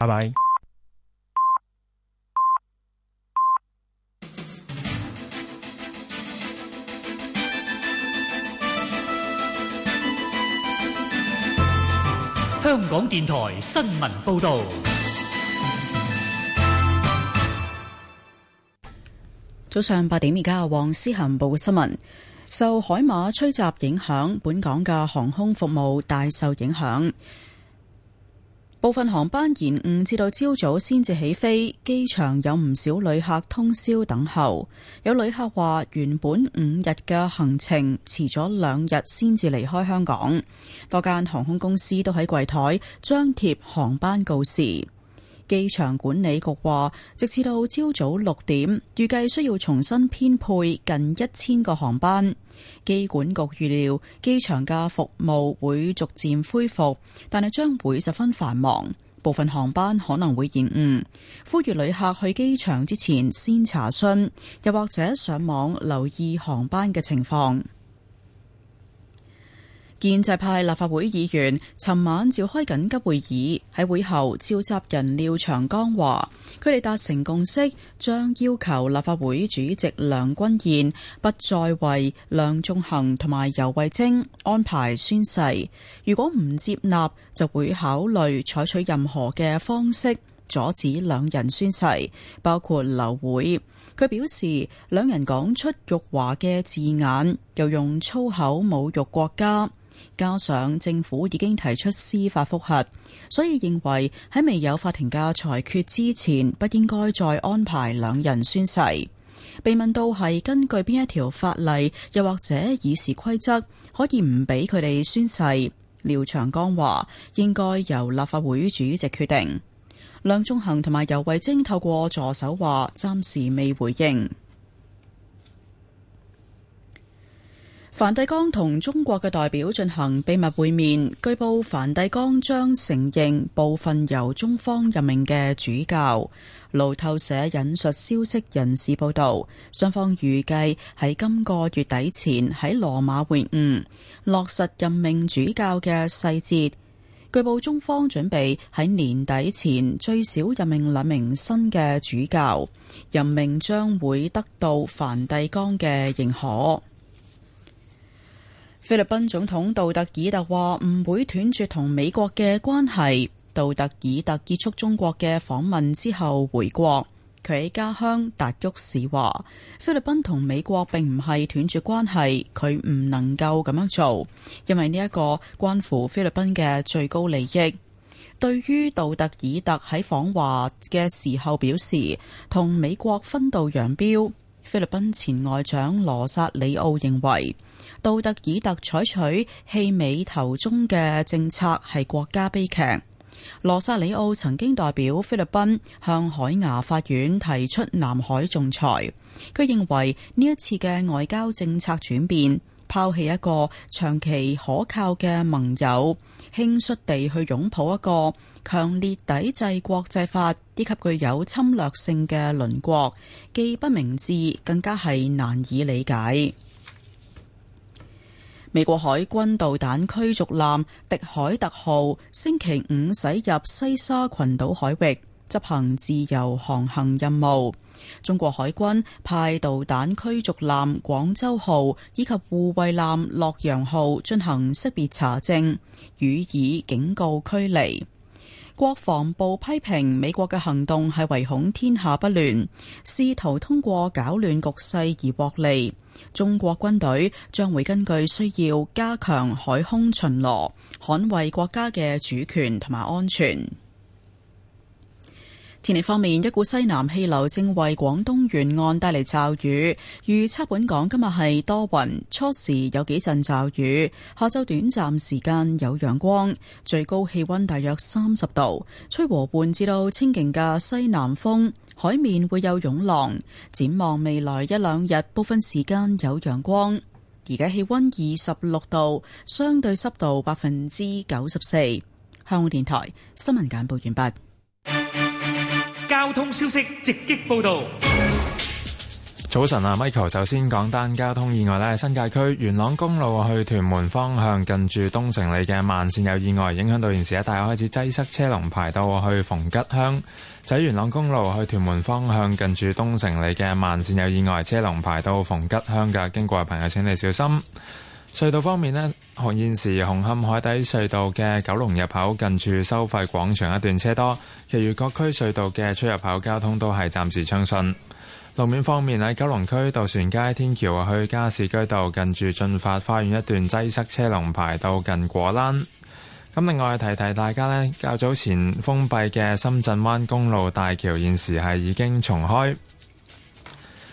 拜拜。香港電台新聞報道：早上八點，而家黃思嫻報嘅新聞，受海馬吹襲影響，本港嘅航空服務大受影響。部分航班延誤，至到朝早先至起飛，機場有唔少旅客通宵等候。有旅客話原本五日嘅行程，遲咗兩日先至離開香港。多間航空公司都喺櫃台張貼航班告示。機場管理局話，直至到朝早六點，預計需要重新編配近一千個航班。機管局預料機場嘅服務會逐漸恢復，但係將會十分繁忙，部分航班可能會延誤。呼籲旅客去機場之前先查詢，又或者上網留意航班嘅情況。建制派立法會議員尋晚召開緊急會議，喺會後召集人廖長江話，佢哋達成共識，將要求立法會主席梁君彥不再為梁頌恆同埋游蕙禎安排宣誓。如果唔接納，就會考慮採取任何嘅方式阻止兩人宣誓，包括流會。佢表示，兩人講出辱華嘅字眼，又用粗口侮辱國家。加上政府已經提出司法覆核，所以認為喺未有法庭嘅裁決之前，不應該再安排兩人宣誓。被問到係根據邊一條法例，又或者議事規則，可以唔俾佢哋宣誓，廖長江話應該由立法會主席決定。梁頌恆同埋游蕙禎透過助手話暫時未回應。梵蒂岡同中國嘅代表進行秘密會面，據報梵蒂岡將承認部分由中方任命嘅主教。路透社引述消息人士報道，雙方預計喺今個月底前喺羅馬會晤，落實任命主教嘅細節。據報中方準備喺年底前最少任命兩名新嘅主教，任命將會得到梵蒂岡嘅認可。菲律賓總統杜特爾特話唔會斷絕同美國嘅關係。杜特爾特結束中國嘅訪問之後回國，佢喺家鄉達沃市話菲律賓同美國並唔係斷絕關係，佢唔能夠咁樣做，因爲呢一個關乎菲律賓嘅最高利益。對於杜特爾特喺訪華嘅時候表示同美國分道揚鑣，菲律賓前外長羅薩里奧認爲。杜特爾特採取棄美投中嘅政策係國家悲劇。羅薩里奧曾經代表菲律賓向海牙法院提出南海仲裁。佢認為，呢一次嘅外交政策轉變，拋棄一個長期可靠嘅盟友，輕率地去擁抱一個強烈抵制國際法、以及具有侵略性嘅鄰國，既不明智，更加係難以理解。美國海軍導彈驅逐艦“迪海特號”星期五駛入西沙群島海域執行自由航行任務，中國海軍派導彈驅逐艦“廣州號”以及護衛艦“洛陽號”進行識別查證，予以警告驅離。國防部批評美國嘅行動係唯恐天下不亂，試圖通過搞亂局勢而獲利。中國軍隊將會根據需要加強海空巡邏，捍衛國家嘅主權同埋安全。天氣方面，一股西南氣流正為廣東沿岸帶嚟驟雨。預測本港今日係多雲，初時有幾陣驟雨，下晝短暫時間有陽光，最高氣溫大約三十度，吹和緩至到清勁嘅西南風，海面會有湧浪。展望未來一兩日，部分時間有陽光，而家氣溫二十六度，相對濕度百分之九十四。香港電台新聞簡報完畢。交通消息直擊報道。早晨啊，Michael，首先講單交通意外呢，新界區元朗公路去屯門方向近住東城里嘅慢線有意外，影響到現時啊，一帶開始擠塞車龍排到去逢吉鄉。就喺元朗公路去屯門方向近住東城里嘅慢線有意外，車龍排到逢吉鄉㗎，經過嘅朋友請你小心。隧道方面呢咧，現時紅磡海底隧道嘅九龍入口近住收費廣場一段車多，其餘各區隧道嘅出入口交通都係暫時暢順。路面方面喺九龍區渡船街天橋去加士居道近住進發花園一段擠塞車龍排到近果欄。咁另外提提大家，呢較早前封閉嘅深圳灣公路大橋現時係已經重開。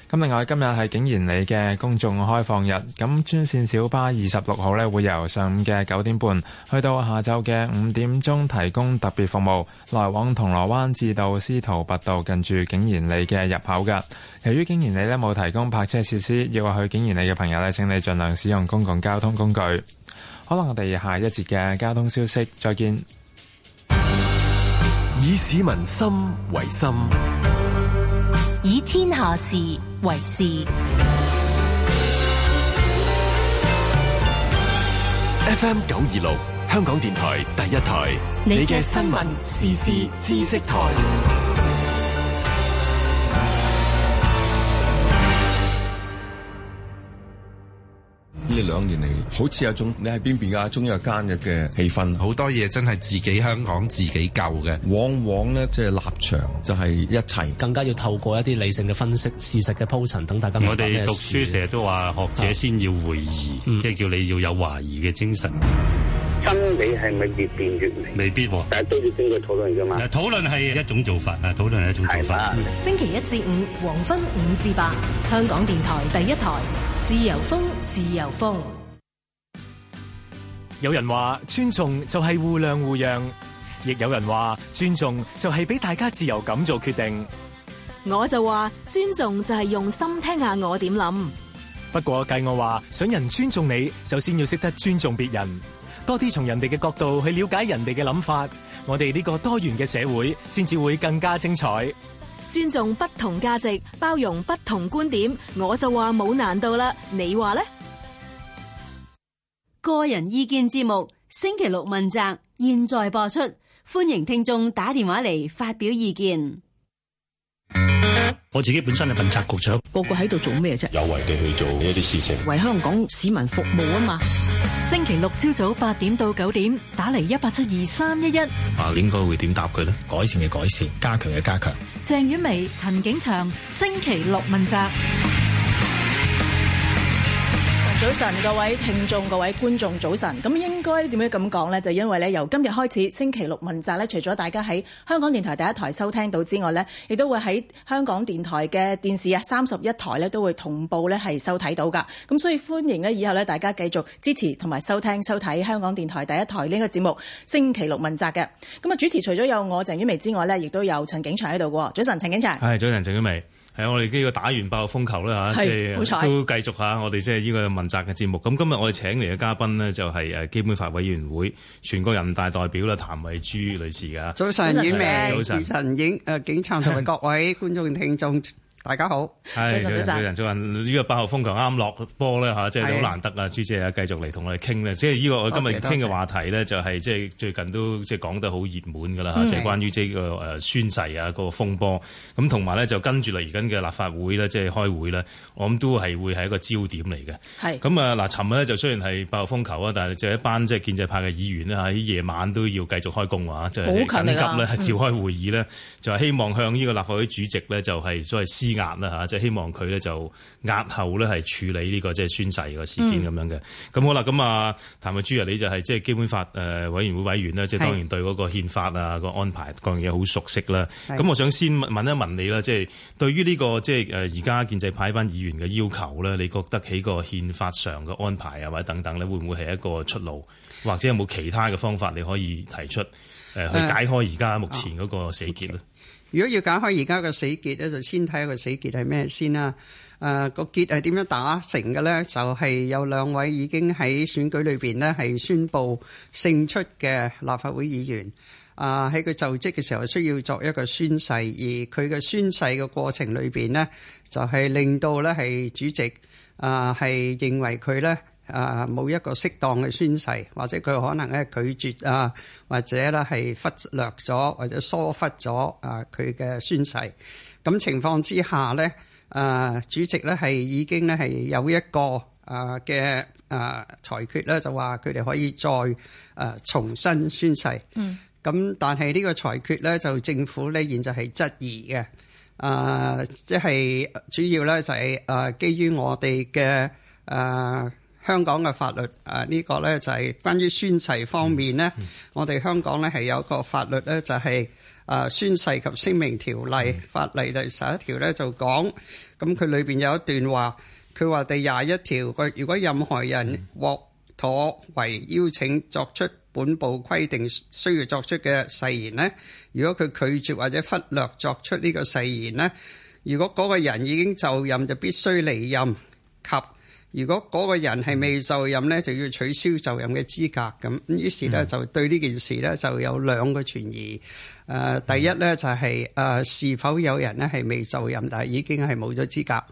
咁另外今日係景賢里嘅公眾開放日，咁專線小巴二十六號咧會由上午嘅九點半去到下晝嘅五點鐘提供特別服務，來往銅鑼灣至到司徒拔道近住景賢里嘅入口㗎。由於景賢里咧冇提供泊車設施，要去景賢里嘅朋友咧，請你盡量使用公共交通工具。可能我哋下一節嘅交通消息再見。以市民心為心。天下事為事，FM 九二六香港電台第一台，你嘅新聞時事知識台。呢兩年嚟，好似有種你喺邊邊噶，中有間日嘅氣氛，好多嘢真係自己香港自己救嘅。往往咧，即係立場就係一齊，更加要透過一啲理性嘅分析、事實嘅鋪陳等大家。我哋讀書成日都話，學者先要懷疑，即係對叫你要有懷疑嘅精神。嗯真理係咪越變越明？未必，但係都要經過討論噶嘛。討論係一種做法啊，討論係一種做法。星期一至五，黃昏五至八，香港電台第一台，自由風，自由風。有人話尊重就係互諒互讓，亦有人話尊重就係俾大家自由咁做決定。我就話尊重就係用心聽下我點諗。不過計我話想人尊重你，首先要識得尊重別人。多啲從人哋嘅角度去了解人哋嘅諗法，我哋呢個多元嘅社會，先至會更加精彩。尊重不同價值，包容不同觀點，我就話冇難度啦。你話呢？個人意見節目，星期六問責，現在播出，歡迎聽眾打電話嚟發表意見。我自己本身係問責局長，個個喺度做咩啫？有為地去做呢啲事情，為香港市民服務啊嘛。星期六朝早八點到九點，打嚟一八七二三一一。啊，應該會點答佢咧？改善嘅改善，加強嘅加強。鄭婉薇、陳景祥，星期六問責。早晨，各位聽眾、各位觀眾，早晨！咁應該點樣咁講呢？就因為咧，由今日開始，星期六問責咧，除咗大家喺香港電台第一台收聽到之外呢，亦都會喺香港電台嘅電視啊三十一台呢都會同步咧係收睇到噶。咁所以歡迎呢，以後呢大家繼續支持同埋收聽收睇香港電台第一台呢個節目星期六問責嘅。咁啊，主持除咗有我鄭婉薇之外呢，亦都有陳景祥喺度喎。早晨，陳景祥。係早晨，鄭婉薇。係我哋呢個打完爆個風球啦吓，即係都繼續吓我哋即係呢個問責嘅節目。咁今日我哋請嚟嘅嘉賓呢，就係誒基本法委員會全國人大代表啦譚惠珠女士噶。早晨，影名，早晨，影誒晨晨警察同埋各位觀眾聽眾。 大家好，主持人，主持人，呢個八號風球啱落波咧吓，即係好難得啊！珠姐啊，繼續嚟同我哋傾咧，即係呢個今日傾嘅話題咧，謝就係即係最近都即係講得好熱門噶啦吓，即係、嗯、關於呢個誒宣誓啊，嗰個風波，咁同埋咧就跟住嚟而家嘅立法會咧，即、就、係、係、開會咧，我諗都係會係一個焦點嚟嘅。咁的啊，嗱，尋日咧就雖然係八號風球啊，但係就一班即係建制派嘅議員咧喺、啊、夜晚都要繼續開工啊，即係好緊急咧召開會議咧，啊嗯、就係希望向呢個立法會主席咧就係所謂施壓啦吓，即係希望佢咧就押後咧係處理呢個即係宣誓個事件咁、嗯、樣嘅。咁好啦，咁啊譚惠珠啊，你就係即係基本法誒委員會委員啦，即係是的 當然對嗰個憲法啊、個安排各樣嘢好熟悉啦。咁是的 我想先問一問你啦，即、就、係、是、對於呢、這個即係誒而家建制派班議員嘅要求咧，你覺得喺個憲法上嘅安排啊或者等等咧，會唔會係一個出路，或者有冇其他嘅方法你可以提出誒去解開而家目前嗰個死結咧？如果要解開而家嘅死結咧，就先睇下個死結係咩先啦。誒、啊，個結係點樣打成嘅咧？就係、是、有兩位已經喺選舉裏邊咧，係宣布勝出嘅立法會議員。啊，喺佢就職嘅時候需要作一個宣誓，而佢嘅宣誓嘅過程裏邊咧，就係、是、令到咧係主席啊，係認為佢咧。啊！冇一個適當嘅宣誓，或者佢可能咧拒絕啊，或者咧係忽略咗，或者疏忽咗啊佢嘅宣誓，咁情況之下咧，啊、呃、主席咧係已經咧係有一個、呃、啊嘅啊裁決咧，就話佢哋可以再啊、呃、重新宣誓。嗯，咁但係呢個裁決咧，就政府咧現在係質疑嘅啊，即、呃、係、就係、主要咧就係啊，基於我哋嘅啊。香港嘅法律，誒、啊、呢、這個呢，就係關於宣誓方面呢。嗯、我哋香港呢，係有一個法律呢、就是，就係誒宣誓及聲明條例法例第十一條呢，就講，咁佢裏邊有一段話，佢話第廿一條，佢如果任何人獲妥為邀請作出本部規定需要作出嘅誓言呢，如果佢拒絕或者忽略作出呢個誓言呢，如果嗰個人已經就任就必須離任及。如果嗰個人係未就任呢，就要取消就任嘅資格咁。於是呢，就對呢件事呢，就有兩個存疑。誒、呃，第一呢，就係、是、誒、呃、是否有人呢係未就任但係已經係冇咗資格。誒、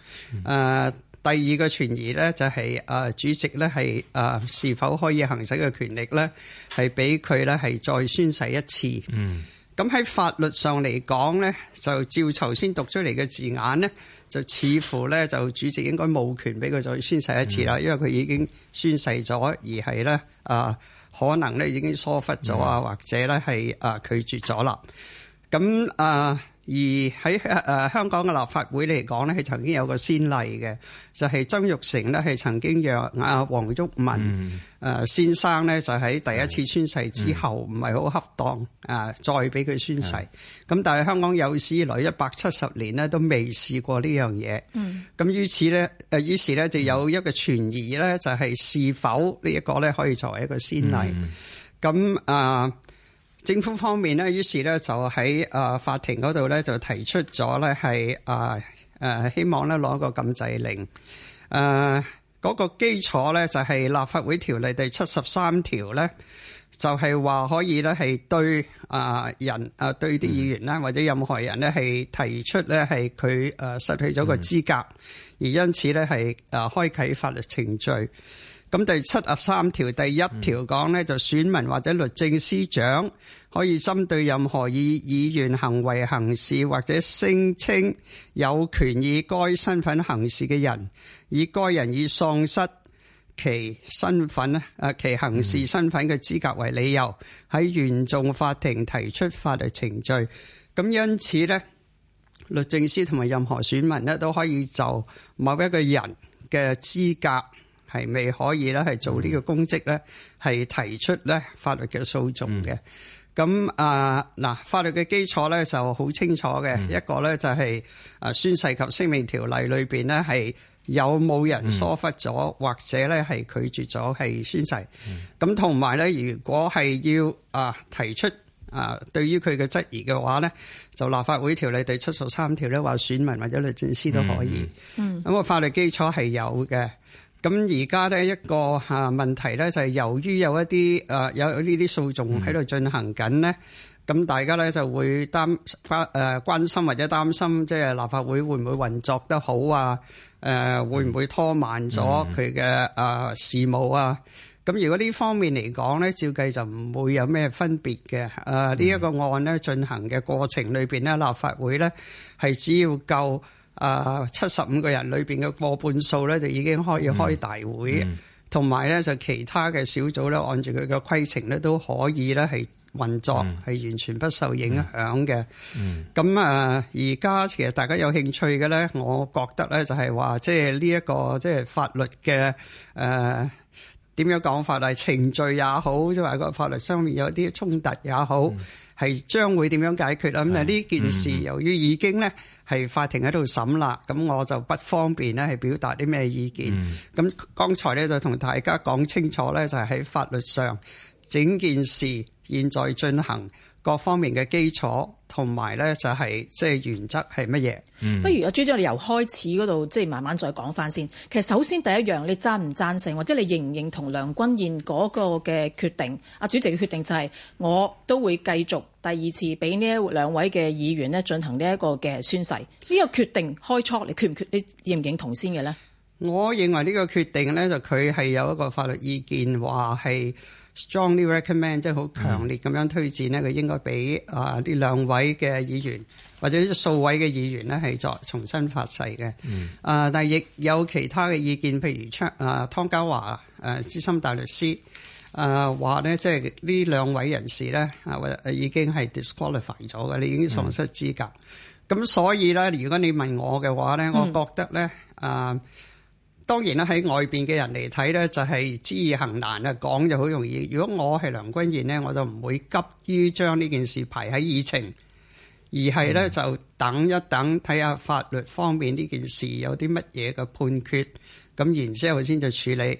呃，第二個存疑呢，就係、是、誒、呃、主席呢，係誒、呃、是否可以行使嘅權力呢，係俾佢呢，係再宣誓一次。嗯。咁喺法律上嚟講咧，就照頭先讀出嚟嘅字眼咧，就似乎咧就主席應該冇權俾佢再宣誓一次啦，因為佢已經宣誓咗，而係咧啊，可能咧已經疏忽咗啊，或者咧係啊拒絕咗啦。咁、呃、啊。而喺誒、呃、香港嘅立法會嚟講咧，係曾經有個先例嘅，就係、是、曾鈺成呢係曾經讓阿黃毓民誒、mm hmm. 呃、先生呢就喺第一次宣誓之後唔係好恰當啊、呃，再俾佢宣誓。咁、mm hmm. 但係香港有史以來一百七十年呢都未試過呢樣嘢。咁、mm hmm. 於此呢，誒於是呢就有一個傳疑呢就係是，是否呢一個呢可以作為一個先例？咁啊、mm？Hmm. 嗯呃政府方面呢，於是咧就喺誒法庭嗰度咧，就提出咗咧係誒誒希望咧攞個禁制令。誒、呃、嗰、那個基礎咧就係《立法會條例》第七十三條咧，就係、是、話可以咧係對啊人啊對啲議員啦或者任何人咧係提出咧係佢誒失去咗個資格，嗯、而因此咧係誒開啟法律程序。咁第七十三條第一條講咧，就、嗯、選民或者律政司長可以針對任何以議員行為行事或者聲稱有權以該身份行事嘅人，以該人以喪失其身份啊其行事身份嘅資格為理由，喺原訟法庭提出法律程序。咁因此咧，律政司同埋任何選民咧都可以就某一個人嘅資格。係未可以咧，係做呢個公職咧，係提出咧法律嘅訴訟嘅。咁、嗯嗯、啊嗱，法律嘅基礎咧就好清楚嘅。嗯、一個咧就係啊宣誓及聲明條例裏邊咧係有冇人疏忽咗，或者咧係拒絕咗係宣誓。咁同埋咧，如果係要啊提出啊對於佢嘅質疑嘅話咧，就立法會條例第七十三條咧話，選民或者律政司都可以。咁個法律基礎係有嘅。咁而家呢一個吓問題咧就係由於有一啲誒有呢啲訴訟喺度進行緊呢，咁大家咧就會擔關誒關心或者擔心，即係立法會會唔會運作得好啊？誒會唔會拖慢咗佢嘅誒事務啊？咁如果呢方面嚟講咧，照計就唔會有咩分別嘅。誒呢一個案咧進行嘅過程裏邊咧，立法會咧係只要夠。誒七十五個人裏邊嘅過半數咧，就已經可以開大會，同埋咧就其他嘅小組咧，按住佢嘅規程咧，都可以咧係運作，係、嗯、完全不受影響嘅。咁啊、嗯，而、嗯、家、呃、其實大家有興趣嘅咧，我覺得咧就係話，即係呢一個即係法律嘅誒點樣講法啊？程序也好，即係話個法律上面有啲衝突也好。嗯係將會點樣解決啦？咁呢是件事由於已經咧係法庭喺度審啦，咁、嗯、我就不方便咧係表達啲咩意見。咁剛、嗯、才咧就同大家講清楚呢就係喺法律上，整件事現在進行。各方面嘅基礎同埋呢，就係即係原則係乜嘢？嗯、不如阿主席，你由開始嗰度即係慢慢再講翻先。其實首先第一樣，你贊唔贊成，或者你認唔認同梁君彥嗰個嘅決定？阿主席嘅決定就係、是、我都會繼續第二次俾呢一兩位嘅議員呢進行呢一個嘅宣誓。呢、呢個決定開初你決唔決，你認唔認同先嘅咧？我認為呢個決定呢，就佢係有一個法律意見話係。Strongly recommend 即係好強烈咁樣推薦呢。佢、嗯、應該俾啊呢兩位嘅議員或者數位嘅議員呢，係再重新發誓嘅。啊、呃，但係亦有其他嘅意見，譬如出啊、呃、湯家驊誒、呃、資深大律師啊話呢，即係呢兩位人士呢，啊、呃，或者已經係 disqualified 咗嘅，你已經喪失資格。咁、嗯、所以呢，如果你問我嘅話呢，嗯、我覺得呢。啊、呃。當然啦，喺外邊嘅人嚟睇咧，就係知易行難啊！講就好容易。如果我係梁君彥呢，我就唔會急於將呢件事排喺議程，而係咧就等一等，睇下法律方面呢件事有啲乜嘢嘅判決，咁然之後先就處理。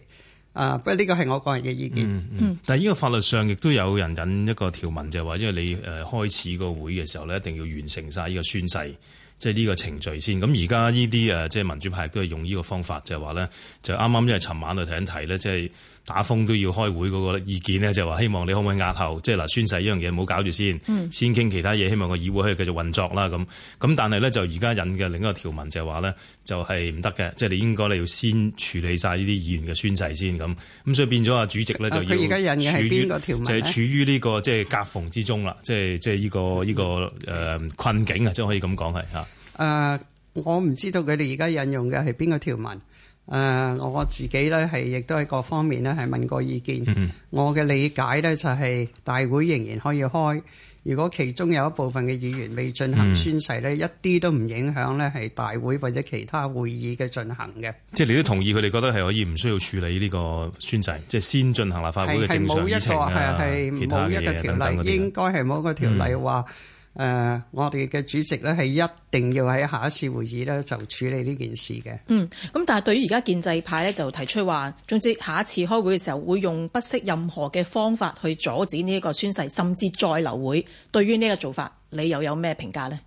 啊，不過呢個係我個人嘅意見。嗯嗯。嗯嗯，但係呢個法律上亦都有人引一個條文，就係話，因為你誒開始個會嘅時候咧，一定要完成晒呢個宣誓。即係呢個程序先，咁而家呢啲誒，即係民主派都係用呢個方法，就係話咧，就啱啱因為尋晚我睇緊提咧，即係。打風都要開會嗰個意見咧，就話、是、希望你可唔可以押後，即係嗱宣誓依樣嘢唔好搞住先，先傾其他嘢。希望個議會可以繼續運作啦。咁咁，但係咧就而家引嘅另一個條文就係話咧，就係唔得嘅，即、就、係、是、你應該你要先處理晒呢啲議員嘅宣誓先。咁咁，所以變咗啊，主席咧就要佢而家引嘅係邊個條文咧？就係處於呢、這個即係夾縫之中啦，即係即係呢個呢、這個誒、呃、困境、就是、啊，即係可以咁講係嚇。誒，我唔知道佢哋而家引用嘅係邊個條文。誒、呃，我自己咧係亦都喺各方面咧係問過意見。嗯、我嘅理解咧就係、是、大會仍然可以開。如果其中有一部分嘅議員未進行宣誓咧，嗯、一啲都唔影響咧係大會或者其他會議嘅進行嘅。嗯、即係你都同意佢哋覺得係可以唔需要處理呢個宣誓，即係先進行立法會嘅正常議程啊，其他嘢等等。等等應該係冇一個條例話。嗯誒，uh, 我哋嘅主席咧係一定要喺下一次會議咧就處理呢件事嘅。嗯，咁但係對於而家建制派咧就提出話，總之下一次開會嘅時候會用不惜任何嘅方法去阻止呢一個宣誓，甚至再留會。對於呢個做法，你又有咩評價呢？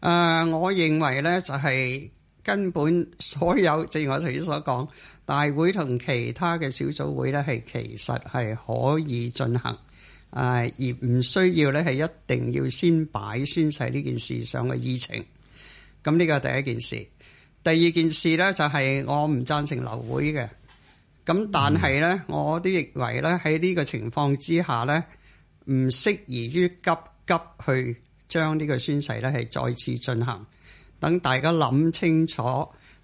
誒，uh, 我認為咧就係根本所有，正如我頭先所講，大會同其他嘅小組會咧係其實係可以進行。啊！而唔需要咧，係一定要先擺宣誓呢件事上嘅議程。咁呢個第一件事，第二件事呢就係我唔贊成流會嘅。咁但係呢，我都認為呢喺呢個情況之下呢，唔適宜於急急去將呢個宣誓呢係再次進行。等大家諗清楚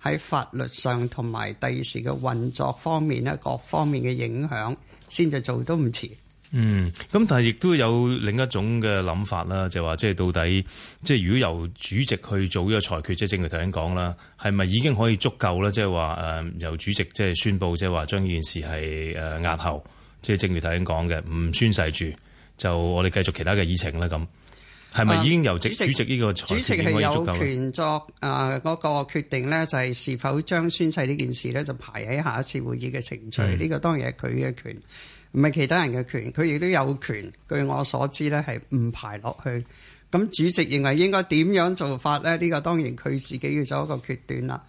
喺法律上同埋第二時嘅運作方面呢，各方面嘅影響先至做都唔遲。嗯，咁但係亦都有另一種嘅諗法啦，就話即係到底，即係如果由主席去做呢個裁決，即係正如頭先講啦，係咪已經可以足夠咧？即係話誒由主席即係宣布，即係話將呢件事係誒押後，即係正如頭先講嘅，唔宣誓住，就我哋繼續其他嘅議程啦。咁係咪已經由主席呢個裁決、啊、主席係有權作誒嗰個決定咧？就係是否將宣誓呢件事咧就排喺下一次會議嘅程序？呢個當然係佢嘅權。唔係其他人嘅權，佢亦都有權。據我所知咧，係唔排落去。咁主席認為應該點樣做法咧？呢個當然佢自己要做一個決斷啦。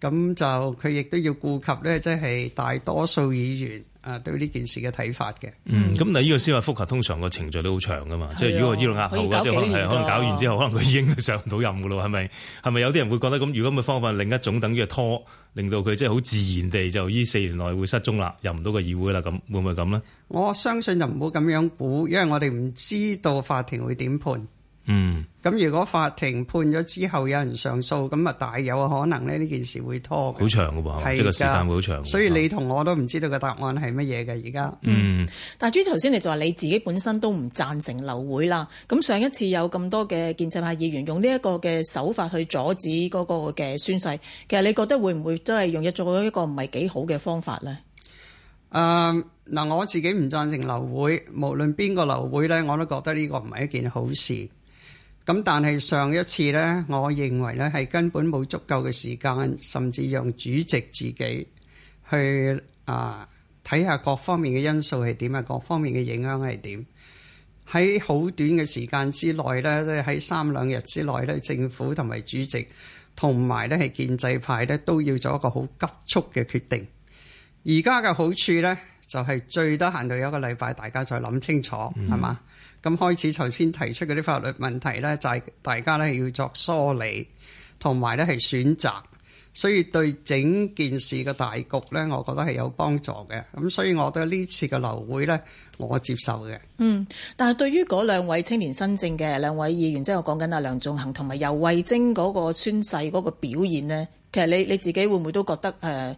咁就佢亦都要顧及咧，即係大多數議員。啊！對呢件事嘅睇法嘅，嗯，咁但係呢個司法覆核通常個程序都好長噶嘛。嗯、即係如果依個押後，可即係可，可能搞完之後，可能佢已經上唔到任噶啦，係咪？係咪有啲人會覺得咁？如果咁嘅方法，另一種等於係拖，令到佢即係好自然地就呢四年內會失蹤啦，入唔到個議會啦，咁會唔會咁呢？我相信就唔好咁樣估，因為我哋唔知道法庭會點判。嗯，咁如果法庭判咗之後，有人上訴，咁啊大有可能咧，呢件事會拖好長噶喎，的即係個時間會好長。所以你同我都唔知道個答案係乜嘢嘅而家。嗯，嗯，但係至於頭先你就話你自己本身都唔贊成流會啦。咁上一次有咁多嘅建制派議員用呢一個嘅手法去阻止嗰個嘅宣誓，其實你覺得會唔會都係用咗一,一個唔係幾好嘅方法呢？誒，嗱，我自己唔贊成流會，無論邊個流會呢，我都覺得呢個唔係一件好事。咁但係上一次呢，我認為呢係根本冇足夠嘅時間，甚至讓主席自己去啊睇下各方面嘅因素係點啊，各方面嘅影響係點。喺好短嘅時間之內呢，即係喺三兩日之內呢，政府同埋主席同埋呢係建制派呢，都要做一個好急速嘅決定。而家嘅好處呢，就係最多限到有一個禮拜，大家再諗清楚，係嘛、嗯？咁開始，頭先提出嗰啲法律問題咧，就係大家咧要作梳理，同埋咧係選擇，所以對整件事嘅大局咧，我覺得係有幫助嘅。咁所以，我對呢次嘅流會咧，我接受嘅。嗯，但係對於嗰兩位青年新政嘅兩位議員，即係我講緊阿梁頌恆同埋游蕙禎嗰個宣誓嗰個表現咧，其實你你自己會唔會都覺得誒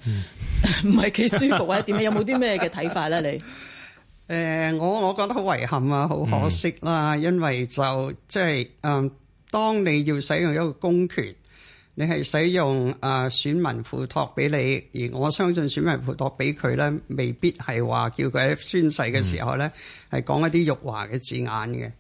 唔係幾舒服或者點？ 有冇啲咩嘅睇法咧？你？誒，我我覺得好遺憾啊，好可惜啦，因為就即係誒，當你要使用一個公權，你係使用誒選民附託俾你，而我相信選民附託俾佢咧，未必係話叫佢喺宣誓嘅時候咧，係講一啲辱華嘅字眼嘅。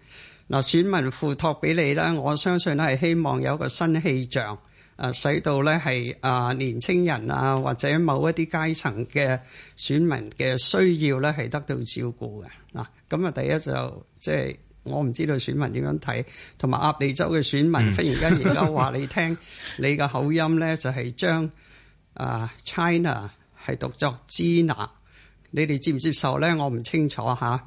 嗱，選民附託俾你咧，我相信咧係希望有一個新氣象。誒使到咧係啊年青人啊或者某一啲階層嘅選民嘅需要咧係得到照顧嘅嗱，咁啊第一就即、係、係我唔知道選民點樣睇，同埋鴨脷洲嘅選民忽然間而家話你聽 你嘅口音咧就係將啊 China 係讀作支那。」你哋接唔接受咧？我唔清楚嚇。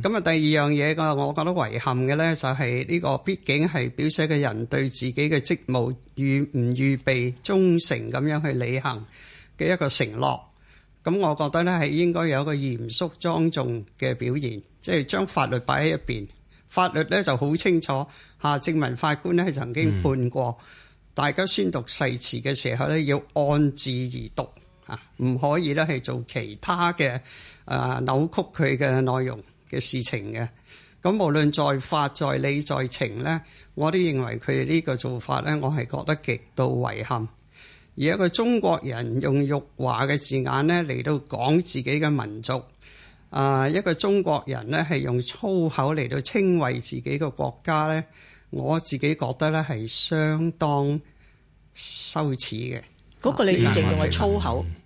咁啊，第二樣嘢個，我覺得遺憾嘅咧，就係呢個，畢竟係表寫嘅人對自己嘅職務預唔預備忠誠咁樣去履行嘅一個承諾。咁我覺得咧係應該有一個嚴肅莊重嘅表現，即係將法律擺喺一邊。法律咧就好清楚吓，鄭、啊、文法官咧係曾經判過，大家宣讀誓詞嘅時候咧要按字而讀啊，唔可以咧係做其他嘅誒、啊、扭曲佢嘅內容。嘅事情嘅，咁無論在法在理在情咧，我都認為佢哋呢個做法咧，我係覺得極度遺憾。而一個中國人用辱華嘅字眼咧嚟到講自己嘅民族，啊，一個中國人咧係用粗口嚟到稱謂自己嘅國家咧，我自己覺得咧係相當羞恥嘅。嗰個你形容為粗口、嗯嗯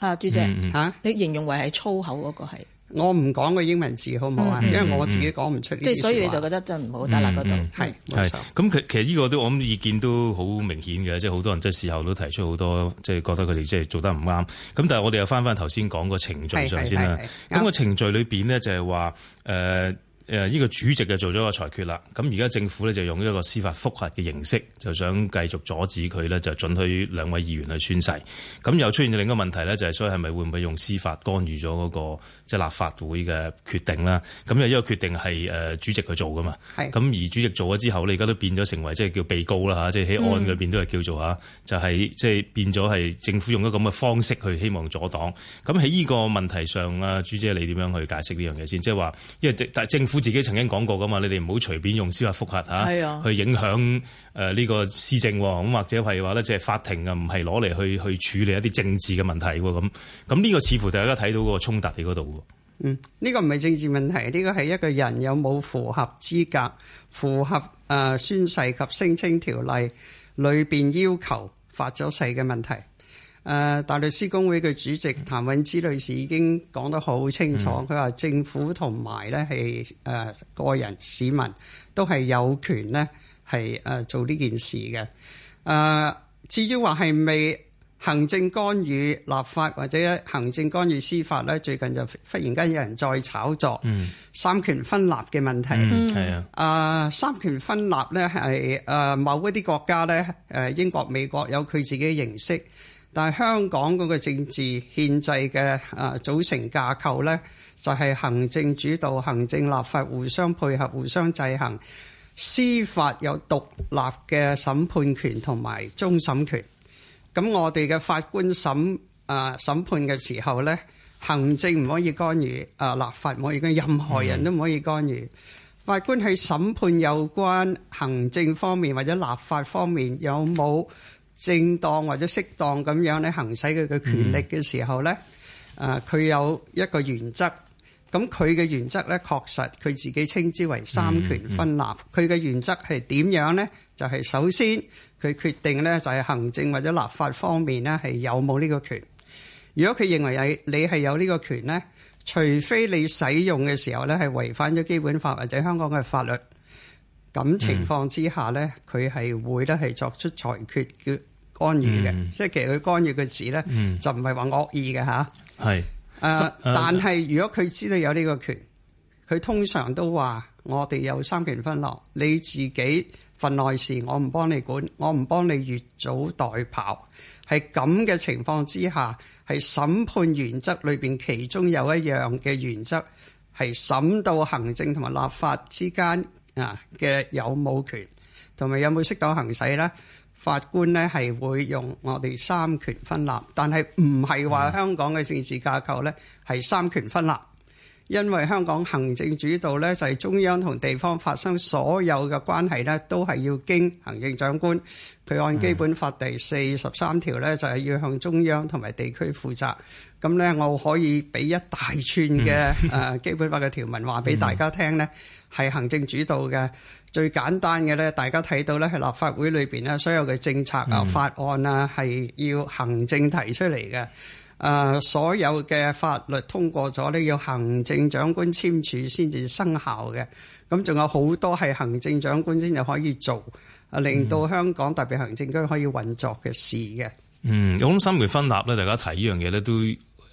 嗯、啊，珠姐吓，嗯嗯、你形容為係粗口嗰個係。我唔講個英文字好唔好啊？嗯、因為我自己講唔出。即係所以你就覺得真係唔好得啦嗰度係。冇錯。咁其其實呢個都我諗意見都好明顯嘅，即係好多人即係、就是、事後都提出好多，即、就、係、是、覺得佢哋即係做得唔啱。咁但係我哋又翻返頭先講個程序上先啦。咁個那是程序裏邊呢，就係話誒。呃誒呢個主席就做咗個裁決啦，咁而家政府咧就用一個司法複核嘅形式，就想繼續阻止佢咧就准許兩位議員去宣誓。咁又出現另一個問題咧，就係、是、所以係咪會唔會用司法干預咗嗰個即係立法會嘅決定咧？咁又呢個決定係誒主席去做噶嘛？咁是而主席做咗之後，你而家都變咗成，成為即係叫被告啦吓，即係喺案裏邊都係叫做吓，嗯、就係即係變咗係政府用咗咁嘅方式去希望阻擋。咁喺呢個問題上，啊，珠姐你點樣去解釋呢樣嘢先？即係話因為但係政府。自己曾經講過噶嘛，你哋唔好隨便用司法復核吓，係啊，去影響誒呢個施政咁，啊、或者係話咧，即係法庭啊，唔係攞嚟去去處理一啲政治嘅問題喎。咁咁呢個似乎大家睇到個衝突喺嗰度喎。嗯，呢、呢個唔係政治問題，呢個係一個人有冇符合資格、符合誒宣誓及聲稱條例裏邊要求發咗誓嘅問題。誒、uh, 大律師公會嘅主席譚允芝女士已經講得好清楚，佢話、嗯、政府同埋咧係誒個人市民都係有權咧係誒做呢件事嘅。誒、uh, 至於話係咪行政干預立法或者行政干預司法咧，最近就忽然間有人再炒作三權分立嘅問題。係啊、嗯，誒、uh, 三權分立咧係誒某一啲國家咧，誒英國、美國有佢自己嘅形式。但香港嗰個政治憲制嘅啊組成架構呢，就係行政主導，行政立法互相配合、互相制衡，司法有獨立嘅審判權同埋終審權。咁我哋嘅法官審啊審判嘅時候呢，行政唔可以干預，啊立法唔可以干，任何人都唔可以干預。法官喺審判有關行政方面或者立法方面有冇正當或者適當咁樣咧行使佢嘅權力嘅時候呢、mm hmm. 啊佢有一個原則，咁佢嘅原則呢，確實佢自己稱之為三權分立，佢嘅、mm hmm. 原則係點樣呢？就係、是、首先佢決定呢就係行政或者立法方面呢，係有冇呢個權，如果佢認為係你係有呢個權呢，除非你使用嘅時候呢，係違反咗基本法或者香港嘅法律。咁情況之下呢，佢係、嗯、會咧係作出裁決嘅干預嘅。嗯、即係其實佢干預嘅字呢，就唔係話惡意嘅嚇。係誒是，啊、但係如果佢知道有呢個權，佢、嗯、通常都話：我哋有三權分立，你自己份內事，我唔幫你管，我唔幫你越俎代庖。」係咁嘅情況之下，係審判原則裏邊其中有一樣嘅原則係審到行政同埋立法之間。啊嘅有冇權同埋有冇適當行使呢？法官呢，係會用我哋三權分立。但係唔係話香港嘅政治架構呢係三權分立，因為香港行政主導呢，就係中央同地方發生所有嘅關係呢，都係要經行政長官。佢按基本法第四十三條呢，就係要向中央同埋地區負責。咁呢，我可以俾一大串嘅誒基本法嘅條文話俾大家聽呢。係行政主導嘅，最簡單嘅呢，大家睇到呢，喺立法會裏邊呢，所有嘅政策啊、嗯、法案啊，係要行政提出嚟嘅。誒、呃，所有嘅法律通過咗呢，要行政長官簽署先至生效嘅。咁仲有好多係行政長官先至可以做，令到香港特別行政區可以運作嘅事嘅、嗯。嗯，我諗三權分立呢，大家睇呢樣嘢呢都。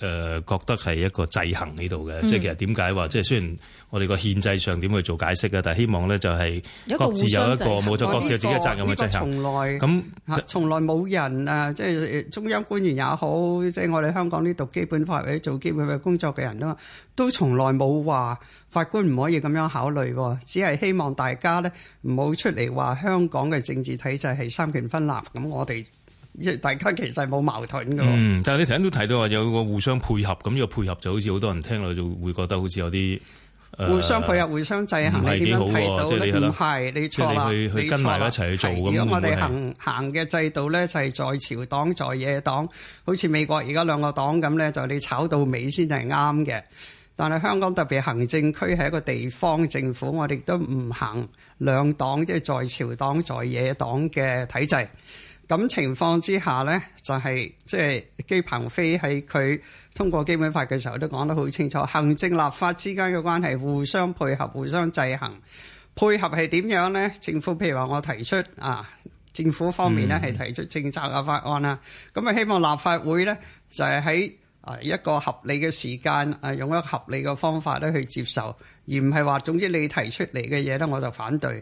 誒、呃、覺得係一個制衡喺度嘅，即係其實點解話即係雖然我哋個憲制上點去做解釋啊？但係希望咧就係各自有一個冇咗各自有自己嘅責任制衡。咁吓、啊這個這個、從來冇那人那啊，即係、就是、中央官員也好，即、就、係、是、我哋香港呢度基本法或者做基本嘅工作嘅人都都從來冇話法官唔可以咁樣考慮，只係希望大家咧唔好出嚟話香港嘅政治體制係三權分立咁，我哋。即係大家其實冇矛盾嘅。嗯，但係你頭先都提到話有個互相配合，咁呢個配合就好似好多人聽落就會覺得好似有啲、呃、互相配合、互相制衡。係幾好喎？你點樣睇到？即係你係啦。唔係你錯啦。你錯啦。跟埋一齊去做。如果我哋行行嘅制度咧，就係在朝黨在野黨，好似美國而家兩個黨咁咧，就你炒到尾先係啱嘅。但係香港特別行政區係一個地方政府，我哋都唔行兩黨，即係在朝黨在野黨嘅體制。咁情況之下呢，就係即係姬鵬飛喺佢通過基本法嘅時候都講得好清楚，行政立法之間嘅關係互相配合、互相制衡。配合係點樣呢？政府譬如話我提出啊，政府方面咧係提出政策嘅法案啦，咁啊、嗯、希望立法會呢就係喺啊一個合理嘅時間啊，用一個合理嘅方法咧去接受，而唔係話總之你提出嚟嘅嘢咧我就反對。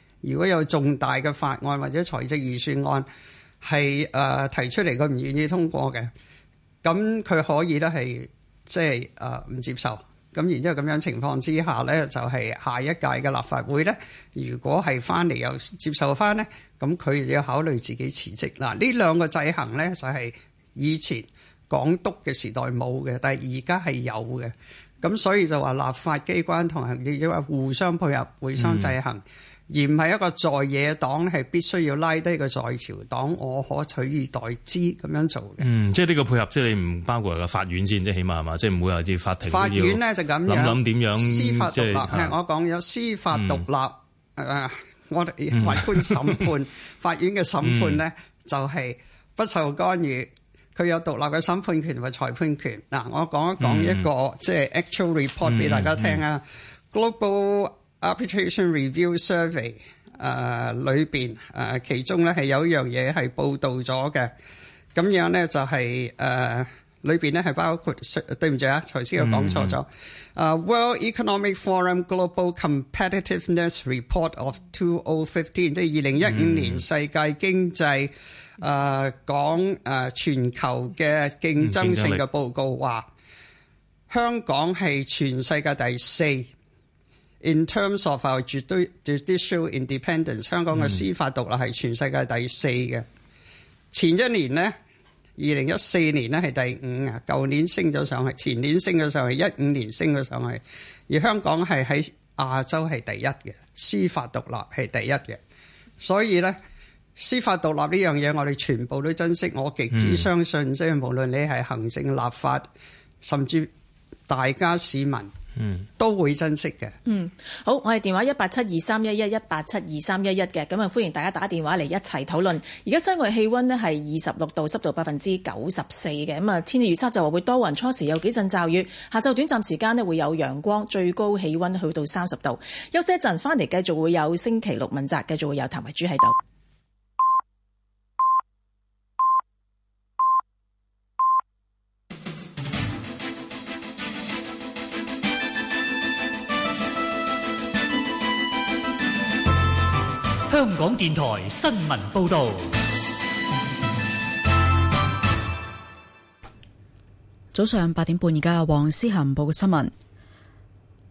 如果有重大嘅法案或者財政預算案係誒、呃、提出嚟，佢唔願意通過嘅，咁佢可以咧係即係誒唔接受咁。然之後咁樣情況之下咧，就係、是、下一屆嘅立法會咧，如果係翻嚟又接受翻咧，咁佢就要考慮自己辭職嗱。呢兩個制衡咧就係、是、以前港督嘅時代冇嘅，但係而家係有嘅。咁所以就話立法機關同或者話互相配合、互相制衡。嗯而唔係一個在野黨，係必須要拉低個在朝黨，我可取而代之咁樣做嘅。嗯，即係呢個配合，即係你唔包括個法院先，即係起碼嘛，即係唔會有啲法庭。法院咧就咁樣諗諗點樣，想想樣司法獨立，就是、我講有司法獨立。誒、嗯啊，我哋法官審判，嗯、 法院嘅審判咧就係不受干預，佢有獨立嘅審判權同埋裁判權。嗱，我講一講一個、嗯、即係 actual report 俾大家聽啊、嗯嗯、，global。Application Review Survey 誒、uh, 裏邊誒其中咧係有一樣嘢係報道咗嘅，咁樣咧就係、是、誒、呃、裏邊咧係包括，對唔住啊，頭先我講錯咗。啊、嗯 uh,，World Economic Forum Global Competitiveness Report of 2015，即係二零一五年世界經濟誒講誒全球嘅競爭性嘅報告話、嗯、香港係全世界第四。In terms of 啊，絕對 judicial independence，香港嘅司法獨立係全世界第四嘅。前一年呢，二零一四年呢係第五啊。舊年升咗上去，前年升咗上去，一五年升咗上去。而香港係喺亞洲係第一嘅，司法獨立係第一嘅。所以呢，司法獨立呢樣嘢我哋全部都珍惜，我極之相信，即係、嗯、無論你係行政、立法，甚至大家市民。嗯，都會珍惜嘅。嗯，好，我係電話一八七二三一一一八七二三一一嘅，咁啊歡迎大家打電話嚟，一齊討論。而家室外氣溫呢係二十六度，濕度百分之九十四嘅。咁啊，天氣預測就話會多雲，初時有幾陣驟雨，下晝短暫時間呢，會有陽光，最高氣溫去到三十度。休息一陣，翻嚟繼續會有星期六問責，繼續會有譚惠珠喺度。香港電台新聞報道。早上八點半，而家有黃思涵報嘅新聞。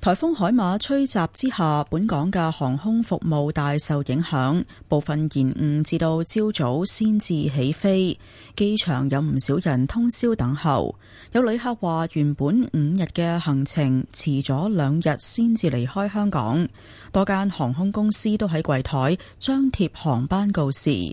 颱風海馬吹襲之下，本港嘅航空服務大受影響，部分延誤至到朝早先至起飛，機場有唔少人通宵等候。有旅客話，原本五日嘅行程，遲咗兩日先至離開香港。多間航空公司都喺櫃台張貼航班告示。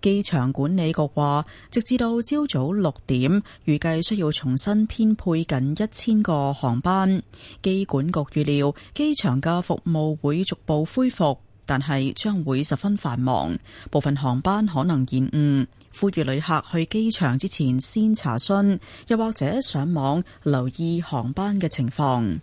機場管理局話，直至到朝早六點，預計需要重新編配近一千個航班。機管局預料機場嘅服務會逐步恢復，但係將會十分繁忙，部分航班可能延誤。呼籲旅客去機場之前先查詢，又或者上網留意航班嘅情況。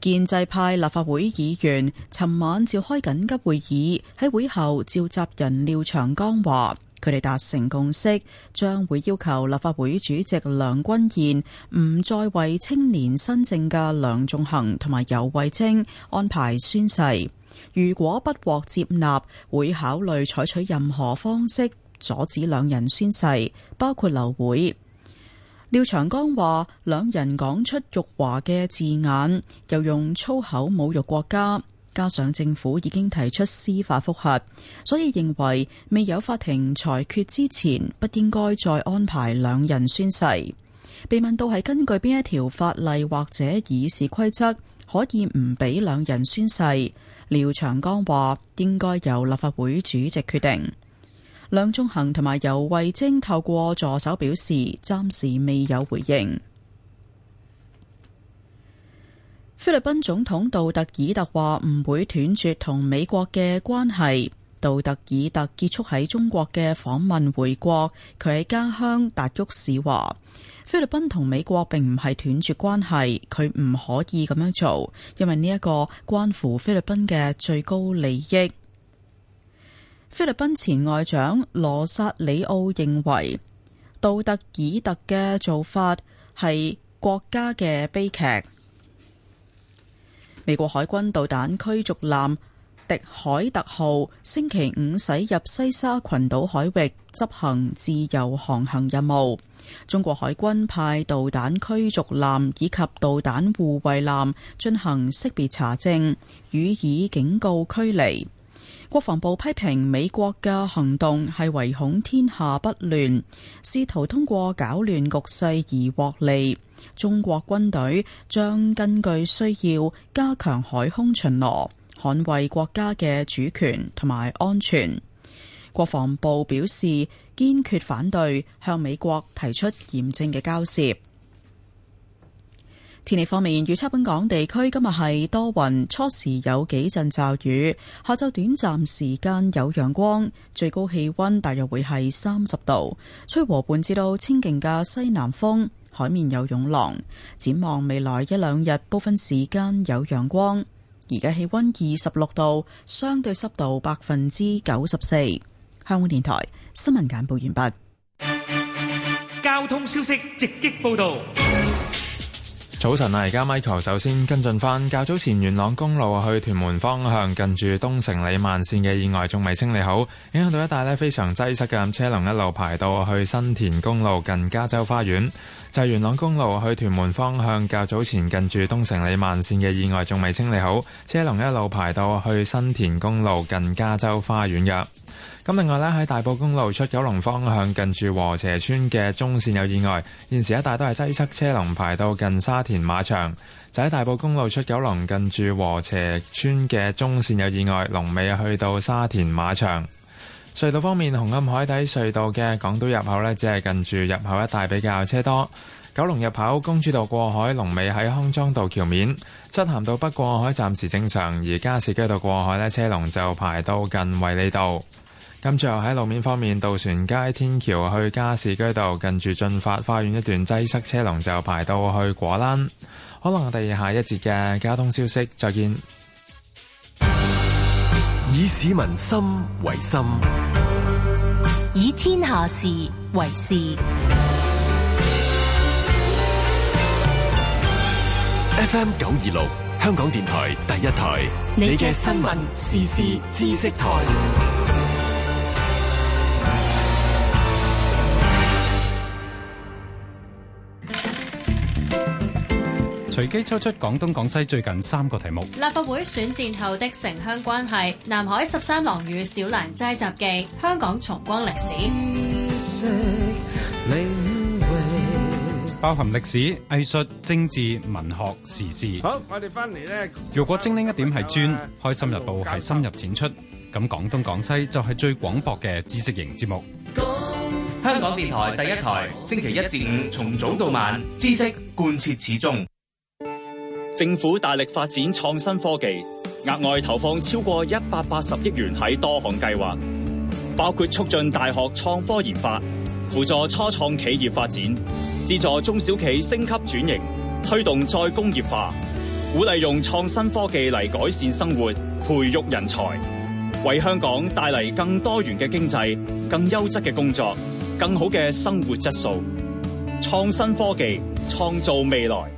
建制派立法會議員尋晚召開緊急會議，喺會後召集人廖長江話：佢哋達成共識，將會要求立法會主席梁君彥唔再為青年新政嘅梁頌恆同埋游蕙禎安排宣誓。如果不獲接納，會考慮採取任何方式阻止兩人宣誓，包括流會。廖長江話：兩人講出辱華嘅字眼，又用粗口侮辱國家，加上政府已經提出司法複核，所以認為未有法庭裁決之前，不應該再安排兩人宣誓。被問到係根據邊一條法例或者議事規則，可以唔俾兩人宣誓，廖長江話：應該由立法會主席決定。梁宗恒同埋尤慧貞透過助手表示，暫時未有回應。菲律賓總統杜特爾特話唔會斷絕同美國嘅關係。杜特爾特結束喺中國嘅訪問回國，佢喺家鄉達沃市話：菲律賓同美國並唔係斷絕關係，佢唔可以咁樣做，因為呢一個關乎菲律賓嘅最高利益。菲律賓前外長羅薩里奧認為，杜特爾特嘅做法係國家嘅悲劇。美國海軍導彈驅逐艦“迪海特號”星期五駛入西沙群島海域執行自由航行任務，中國海軍派導彈驅逐艦以及導彈護衛艦進行識別查證，予以警告驅離。國防部批評美國嘅行動係唯恐天下不亂，試圖通過搞亂局勢而獲利。中國軍隊將根據需要加強海空巡邏，捍衛國家嘅主權同埋安全。國防部表示堅決反對向美國提出嚴正嘅交涉。天氣方面，預測本港地區今日係多雲，初時有幾陣驟雨，下晝短暫時間有陽光，最高氣溫大約會係三十度，吹和緩至到清勁嘅西南風，海面有湧浪。展望未來一兩日，部分時間有陽光。而家氣溫二十六度，相對濕度百分之九十四。香港電台新聞簡報完畢。交通消息直擊報道。早晨啊！而家 Michael 首先跟進返，較早前元朗公路去屯門方向近住東城里慢線嘅意外仲未清理好，影響到一帶咧非常擠塞嘅車龍一路排到去新田公路近加州花園。就係，元朗公路去屯門方向較早前近住東城里慢線嘅意外仲未清理好，車龍一路排到去新田公路近加州花園㗎。咁另外呢，喺大埔公路出九龍方向，近住禾輋村嘅中線有意外，現時一帶都係擠塞，車龍排到近沙田馬場。就喺大埔公路出九龍，近住禾輋村嘅中線有意外，龍尾去到沙田馬場。隧道方面，紅磡海底隧道嘅港島入口呢，只係近住入口一帶比較車多。九龍入口公主道過海，龍尾喺康莊道橋面；漆咸道北過海暫時正常，而加士居道過海呢，車龍就排到近衛理道。咁最後喺路面方面，渡船街天橋去加士居道近住進發花園一段擠塞車龍，就排到去果欄。可能我哋下一節嘅交通消息，再見。以市民心為心，以天下事為事。F M 九二六，香港電台第一台，你嘅新聞時事知識台。隨機抽出廣東廣西最近三個題目：立法會選戰後的城鄉關係、南海十三郎與小蘭齋集記、香港重光歷史，包含歷史、藝術、政治、文學、時事。好，我哋翻嚟咧。如果精靈一點係專，開心日報係深入淺出，咁廣東廣西就係最廣博嘅知識型節目。香港電台第一台，星期一至五從早到晚，知識貫徹始終。政府大力發展創新科技，額外投放超過一百八十億元喺多項計劃，包括促進大學創科研發、輔助初創企業發展、資助中小企升級轉型、推動再工業化，鼓勵用創新科技嚟改善生活、培育人才，為香港帶嚟更多元嘅經濟、更優質嘅工作、更好嘅生活質素。創新科技創造未來。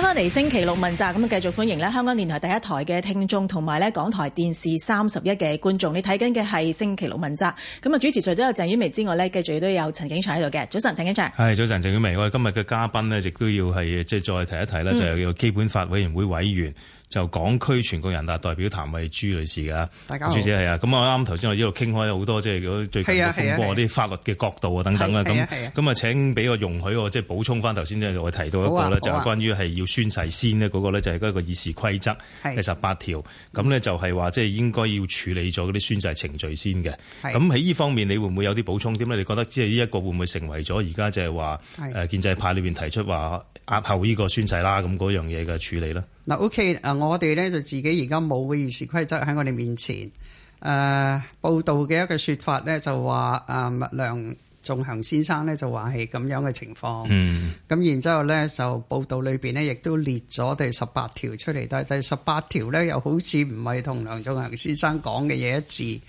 翻返嚟星期六問責，咁啊繼續歡迎咧香港電台第一台嘅聽眾，同埋咧港台電視三十一嘅觀眾。你睇緊嘅係星期六問責，咁啊主持除咗有鄭婉薇之外咧，繼續亦都有陳景祥喺度嘅。早晨，陳景祥。係，早晨，鄭婉薇。我哋今日嘅嘉賓呢，亦都要係即係再提一提咧，就係個基本法委員會委員、嗯。就港區全國人大代表譚惠珠女士，大家啊，主持係啊。咁我啱啱頭先我呢度傾開好多，即係最近嘅風波，啲、啊啊啊啊、法律嘅角度啊等等啊，咁咁啊，那啊，啊請俾個容許我即係補充翻頭先咧，我提到一個咧，啊啊、就係關於係要宣誓先呢嗰個咧就係、是、嗰個議事規則第十八條，咁咧是就係話即係應該要處理咗嗰啲宣誓程序先嘅。咁喺呢方面，你會唔會有啲補充？點咧？你覺得即係呢一個會唔會成為咗而家就係話誒建制派裏邊提出話押後呢個宣誓啦？咁嗰樣嘢嘅處理咧？嗱 OK，啊我哋咧就自己而家冇嘅議事規則喺我哋面前，誒、呃、報道嘅一個説法咧就話，啊、呃、梁仲衡先生咧就話係咁樣嘅情況，咁、mm. 然之後咧就報道裏邊咧亦都列咗第十八條出嚟，但係第十八條咧又好似唔係同梁仲衡先生講嘅嘢一致，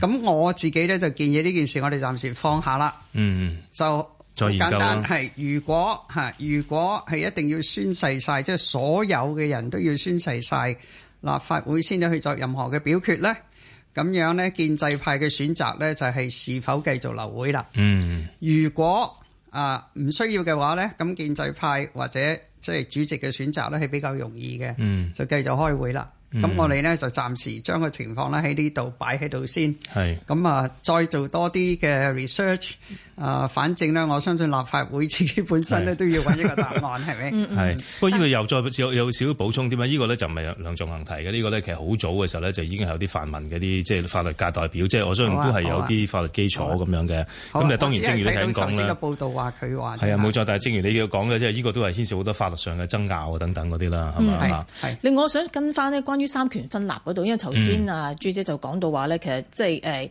咁、mm. 我自己咧就建議呢件事我哋暫時放下啦，mm. 就。好簡單，係如果嚇，如果係一定要宣誓晒，即係所有嘅人都要宣誓晒，立法會先至去作任何嘅表決咧。咁樣咧，建制派嘅選擇咧就係是，是否繼續留會啦。嗯，如果啊唔需要嘅話咧，咁建制派或者即係主席嘅選擇咧係比較容易嘅。嗯，就繼續開會啦。咁我哋呢就暫時將個情況呢喺呢度擺喺度先。係。咁啊，再做多啲嘅 research。啊，反正呢，我相信立法會自己本身呢都要搵一個答案，係咪？係。不過呢個又再有少少補充點啊？呢個呢就唔係兩重問題嘅。呢個呢其實好早嘅時候呢就已經係有啲泛民嗰啲即係法律界代表，即係我相信都係有啲法律基礎咁樣嘅。咁啊，當然正如你講啦。報道話佢話係啊，冇錯。但係正如你要講嘅，即係呢個都係牽涉好多法律上嘅爭拗等等嗰啲啦，係嘛係。係。另我想跟翻呢。關。關於三權分立嗰度，因為頭先啊朱姐就講到話咧，嗯、其實即係誒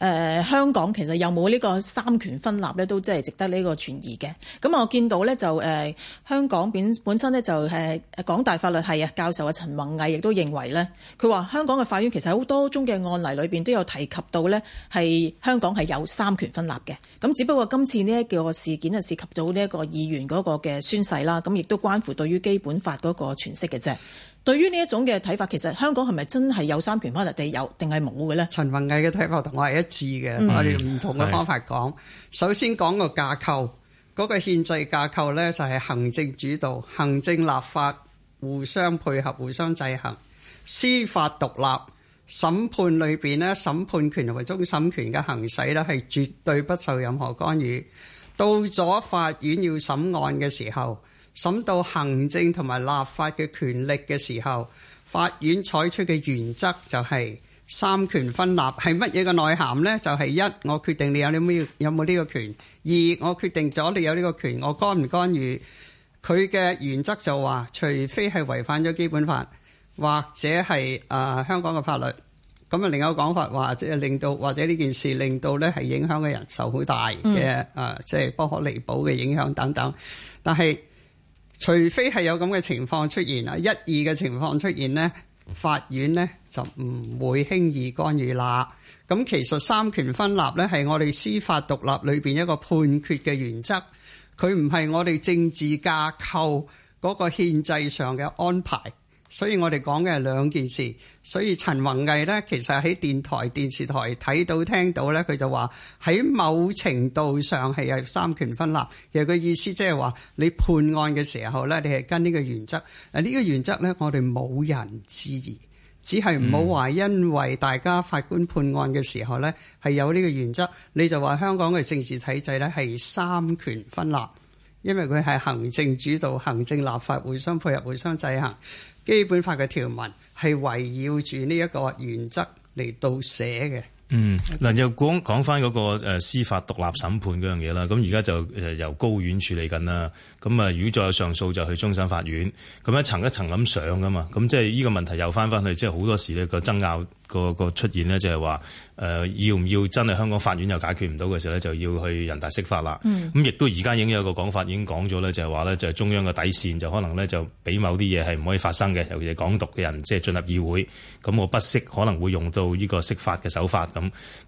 誒香港其實有冇呢個三權分立咧，都即係值得呢個存疑嘅。咁我見到咧就誒、呃、香港本本身咧就誒、是、港大法律係啊教授啊陳弘毅亦都認為咧，佢話香港嘅法院其實好多宗嘅案例裏邊都有提及到咧係香港係有三權分立嘅。咁只不過今次呢一個事件就涉及到呢一個議員嗰個嘅宣誓啦，咁亦都關乎對於基本法嗰個詮釋嘅啫。對於呢一種嘅睇法，其實香港係咪真係有三權分律立地有定係冇嘅呢？陳文毅嘅睇法同我係一致嘅，嗯、我哋唔同嘅方法講。的首先講個架構，嗰、那個憲制架構呢，就係行政主導，行政立法互相配合、互相制衡，司法獨立。審判裏邊呢，審判權同埋終審權嘅行使呢，係絕對不受任何干預。到咗法院要審案嘅時候。審到行政同埋立法嘅權力嘅時候，法院採取嘅原則就係三權分立，係乜嘢嘅內涵呢？就係、是、一，我決定你有冇有冇呢個權；二，我決定咗你有呢個權，我干唔干預？佢嘅原則就話，除非係違反咗基本法或者係啊、呃、香港嘅法律，咁啊，另有講法話，或者令到或者呢件事令到咧係影響嘅人受好大嘅啊，即係、嗯呃就是、不可彌補嘅影響等等。但係，除非係有咁嘅情況出現啦，一二嘅情況出現呢，法院呢就唔會輕易干預啦。咁其實三權分立呢係我哋司法獨立裏邊一個判決嘅原則，佢唔係我哋政治架構嗰個憲制上嘅安排。所以我哋講嘅係兩件事，所以陳宏毅咧，其實喺電台、電視台睇到、聽到咧，佢就話喺某程度上係有三權分立。其實佢意思即係話，你判案嘅時候咧，你係跟呢個原則。嗱呢個原則咧，我哋冇人質疑，只係唔好話因為大家法官判案嘅時候咧係有呢個原則，你就話香港嘅政治體制咧係三權分立，因為佢係行政主導、行政立法互相配合、互相制衡。基本法嘅條文係圍繞住呢一個原則嚟到寫嘅。嗯，嗱又講講翻嗰個司法獨立審判嗰樣嘢啦。咁而家就誒由高院處理緊啦。咁啊，如果再有上訴就去終審法院。咁一層一層咁上噶嘛。咁、嗯、即係呢個問題又翻翻去，即係好多時呢個爭拗。個個出現呢，就係話誒，要唔要真係香港法院又解決唔到嘅時候呢，就要去人大釋法啦。咁亦、嗯、都而家已經有個講法，已經講咗呢，就係話呢，就中央嘅底線就可能呢，就俾某啲嘢係唔可以發生嘅，尤其係港獨嘅人即係進入議會。咁我不惜可能會用到呢個釋法嘅手法。咁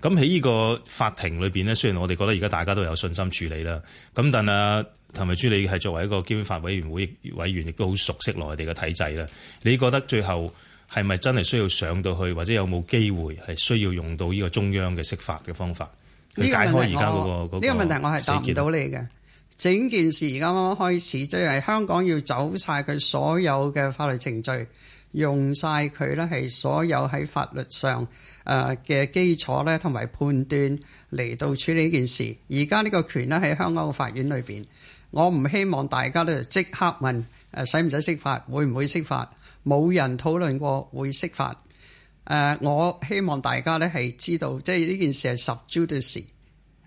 咁喺呢個法庭裏邊呢，雖然我哋覺得而家大家都有信心處理啦。咁但係，譚惠珠，你係作為一個基本法委員會委員，亦都好熟悉內地嘅體制啦。你覺得最後？係咪真係需要上到去，或者有冇機會係需要用到呢個中央嘅釋法嘅方法解開而家嗰個嗰個呢個問題，我係答唔到你嘅。整件事而家啱啱開始，即係香港要走晒佢所有嘅法律程序，用晒佢咧係所有喺法律上誒嘅基礎咧，同埋判斷嚟到處理呢件事。而家呢個權咧喺香港嘅法院裏邊，我唔希望大家都即刻問誒使唔使釋法，會唔會釋法？冇人討論過會釋法。誒、呃，我希望大家咧係知道，即係呢件事係 sub judice 的事。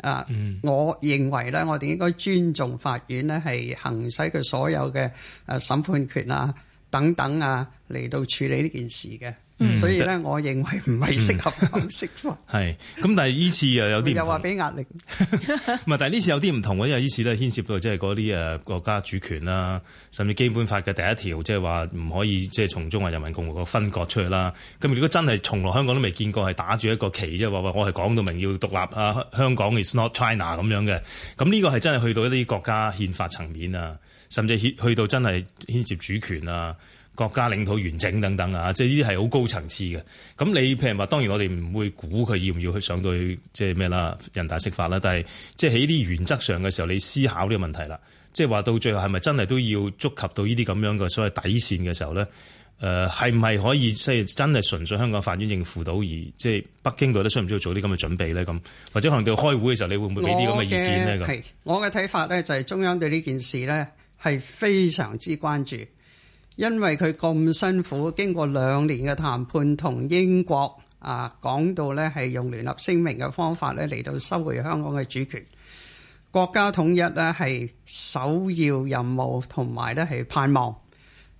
啊、呃，嗯、我認為咧，我哋應該尊重法院咧係行使佢所有嘅誒審判權啊等等啊嚟到處理呢件事嘅。嗯、所以咧，我認為唔係適合講釋法。係咁、嗯， 但係呢次又有啲又話俾壓力。唔係， 但係呢次有啲唔同嘅，因為呢次咧牽涉到即係嗰啲誒國家主權啦，甚至基本法嘅第一條，即係話唔可以即係從中華人民共和國分割出去啦。咁如果真係從來香港都未見過係打住一個旗，即係話話我係講到明要獨立啊，香港 is not China 咁樣嘅。咁呢個係真係去到一啲國家憲法層面啊，甚至去到真係牽涉主權啊。國家領土完整等等啊，即係呢啲係好高層次嘅。咁你譬如話，當然我哋唔會估佢要唔要去上到去，即係咩啦？人大釋法啦。但係即係喺呢啲原則上嘅時候，你思考呢個問題啦。即係話到最後係咪真係都要觸及到呢啲咁樣嘅所謂底線嘅時候咧？誒，係唔係可以即係真係純粹香港法院應付到而即係北京度都需唔需要做啲咁嘅準備咧？咁或者可能到開會嘅時候，你會唔會俾啲咁嘅意見咧？咁係我嘅睇法咧，就係中央對呢件事咧係非常之關注。因為佢咁辛苦，經過兩年嘅談判，同英國啊講到咧係用聯合聲明嘅方法咧嚟到收回香港嘅主權，國家統一咧係首要任務，同埋咧係盼望。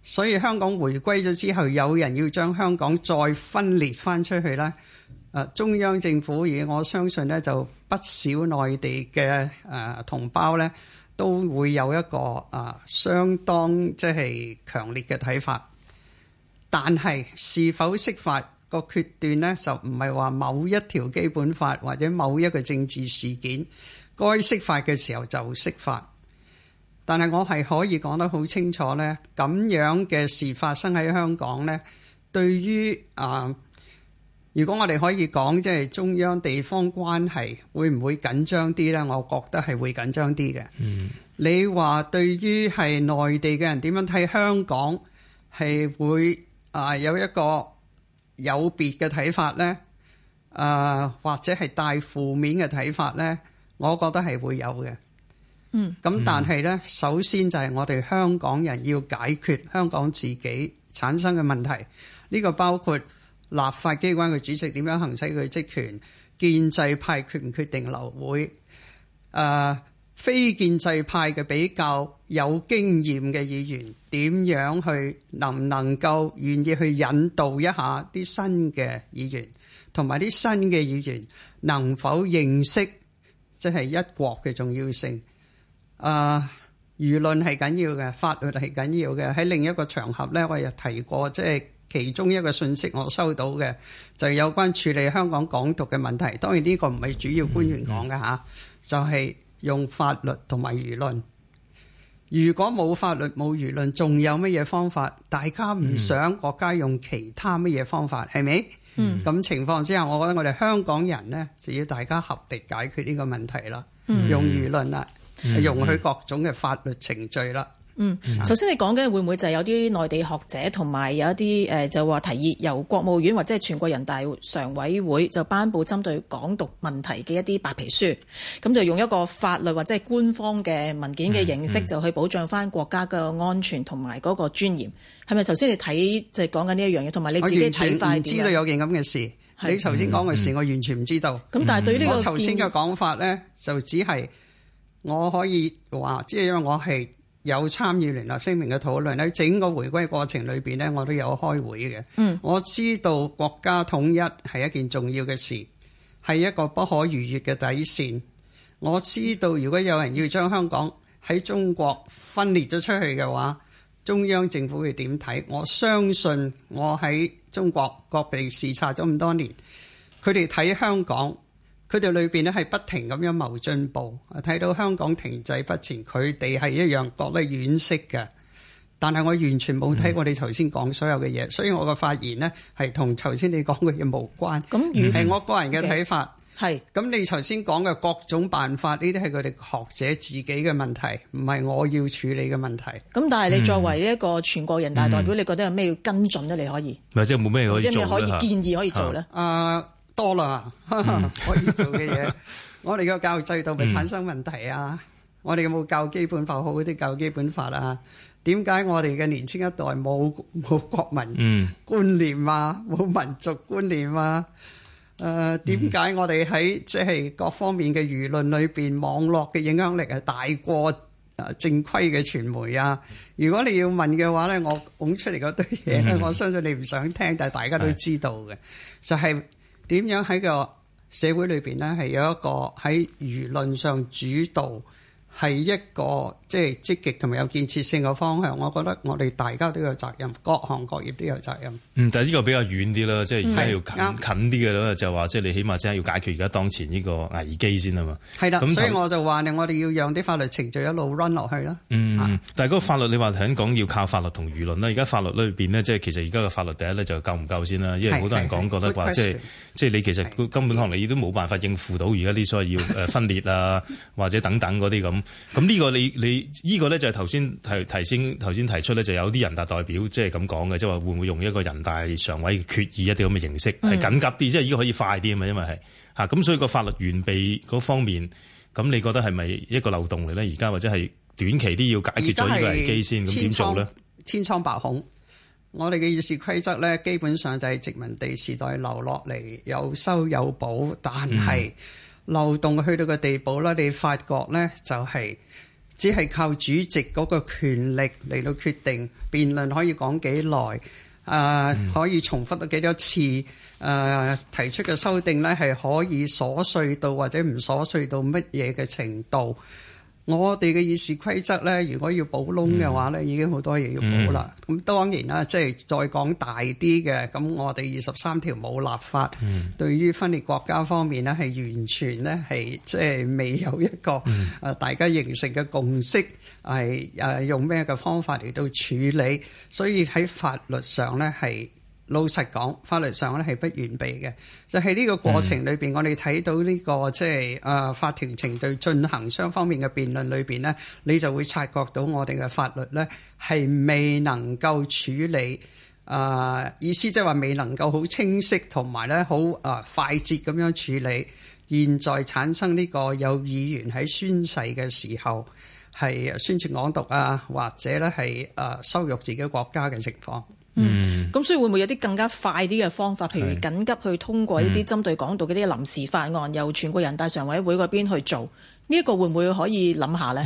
所以香港回歸咗之後，有人要將香港再分裂翻出去咧、啊，中央政府而我相信咧就不少內地嘅誒、啊、同胞咧。都會有一個啊，相當即係強烈嘅睇法，但係是否釋法個決斷呢？就唔係話某一條基本法或者某一個政治事件該釋法嘅時候就釋法，但係我係可以講得好清楚呢，咁樣嘅事發生喺香港呢，對於啊。如果我哋可以講，即係中央地方關係會唔會緊張啲呢？我覺得係會緊張啲嘅。嗯、你話對於係內地嘅人點樣睇香港，係會啊有一個有別嘅睇法呢？啊、呃，或者係帶負面嘅睇法呢？我覺得係會有嘅。嗯。咁但係呢，首先就係我哋香港人要解決香港自己產生嘅問題，呢個包括。立法機關嘅主席點樣行使佢職權？建制派決唔決定流會？誒、呃，非建制派嘅比較有經驗嘅議員點樣去能唔能夠願意去引導一下啲新嘅議員？同埋啲新嘅議員能否認識即係一國嘅重要性？誒、呃，輿論係緊要嘅，法律係緊要嘅。喺另一個場合咧，我又提過即係。其中一個信息我收到嘅就有關處理香港港獨嘅問題。當然呢個唔係主要官員講嘅吓，嗯、就係用法律同埋輿論。如果冇法律冇輿論，仲有乜嘢方法？大家唔想國家用其他乜嘢方法，係咪、嗯？咁、嗯、情況之下，我覺得我哋香港人呢，就要大家合力解決呢個問題啦。用輿論啦，嗯嗯、容許各種嘅法律程序啦。嗯，頭先你講緊會唔會就係有啲內地學者同埋有一啲誒、呃，就話提議由國務院或者係全國人大常委會就頒布針對港獨問題嘅一啲白皮書，咁就用一個法律或者係官方嘅文件嘅形式就去保障翻國家嘅安全同埋嗰個尊嚴，係咪、嗯？頭、嗯、先你睇就係講緊呢一樣嘢，同埋你自己睇快完知道有件咁嘅事，是你頭先講嘅事、嗯、我完全唔知道。咁、嗯、但係對於呢個我頭先嘅講法咧，就只係我可以話，即係因為我係。有參與聯合聲明嘅討論，喺整個回歸過程裏邊咧，我都有開會嘅。Mm. 我知道國家統一係一件重要嘅事，係一個不可逾越嘅底線。我知道如果有人要將香港喺中國分裂咗出去嘅話，中央政府會點睇？我相信我喺中國各地視察咗咁多年，佢哋睇香港。佢哋裏邊呢係不停咁樣謀進步，睇到香港停滯不前，佢哋係一樣覺得惋惜嘅。但係我完全冇睇過你頭先講所有嘅嘢，嗯、所以我嘅發言呢係同頭先你講嘅嘢無關，係、嗯、我個人嘅睇法。係咁、嗯，okay. 你頭先講嘅各種辦法，呢啲係佢哋學者自己嘅問題，唔係我要處理嘅問題。咁、嗯、但係你作為一個全國人大代表，嗯、你覺得有咩要跟進呢？嗯、你可以？唔係即係冇咩可以做？即係咩可以建議可以做呢？啊！啊啊多啦， 可以做嘅嘢， 我哋嘅教育制度咪產生問題啊！ 我哋有冇教基本法好啲教基本法啊？點解我哋嘅年青一代冇冇國民觀念啊？冇民族觀念啊？誒點解我哋喺即係各方面嘅輿論裏邊，網絡嘅影響力係大過誒正規嘅傳媒啊？如果你要問嘅話咧，我拱出嚟嗰堆嘢咧， 我相信你唔想聽，但係大家都知道嘅 就係、是。點樣喺個社會裏邊咧，係有一個喺輿論上主導，係一個。即係積極同埋有建設性嘅方向，我覺得我哋大家都有責任，各行各業都有責任。嗯、但係呢個比較遠啲啦，即係而家要近、嗯、近啲嘅咧，嗯、就話即係你起碼真係要解決而家當前呢個危機先啊嘛。係啦的，咁所以我就話咧，我哋要讓啲法律程序一路 run 落去啦。嗯，但係嗰個法律你話係講要靠法律同輿論啦，而家法律裏邊呢，即係其實而家嘅法律第一咧就夠唔夠先啦，因為好多人講覺得話即係即係你其實根本上你都冇辦法應付到而家啲所謂要分裂啊 或者等等嗰啲咁。咁呢個你你。呢個咧就係頭先提提先頭先提出咧，就有啲人大代表即係咁講嘅，即係話會唔會用一個人大常委決議一啲咁嘅形式，係緊、嗯、急啲，即係依個可以快啲啊嘛，因為係吓咁，所以個法律完備嗰方面，咁你覺得係咪一個漏洞嚟咧？而家或者係短期啲要解決咗呢個危機先，咁點做咧？千瘡百孔，我哋嘅議事規則咧，基本上就係殖民地時代留落嚟，有收有補，但係、嗯、漏洞去到個地步啦，你發覺咧就係、是。只係靠主席嗰個權力嚟到決定辯論可以講幾耐，啊、呃、可以重複到幾多次，啊、呃、提出嘅修訂咧係可以瑣碎到或者唔瑣碎到乜嘢嘅程度。我哋嘅議事規則呢，如果要補窿嘅話呢，已經好多嘢要補啦。咁、嗯、當然啦，即係再講大啲嘅，咁我哋二十三條冇立法，嗯、對於分裂國家方面呢，係完全呢，係即係未有一個啊大家形成嘅共識，係誒、嗯、用咩嘅方法嚟到處理，所以喺法律上呢，係。老實講，法律上咧係不完備嘅。就喺、是、呢個過程裏邊，嗯、我哋睇到呢、這個即係啊，法庭程序進行雙方面嘅辯論裏邊咧，你就會察覺到我哋嘅法律咧係未能夠處理啊、呃，意思即係話未能夠好清晰同埋咧好啊快捷咁樣處理。現在產生呢個有議員喺宣誓嘅時候，係宣傳港獨啊，或者咧係啊羞辱自己國家嘅情況。嗯，咁、嗯、所以會唔會有啲更加快啲嘅方法，譬如緊急去通過呢啲針對港獨嗰啲臨時法案，嗯、由全國人大常委會嗰邊去做？呢、這、一個會唔會可以諗下呢？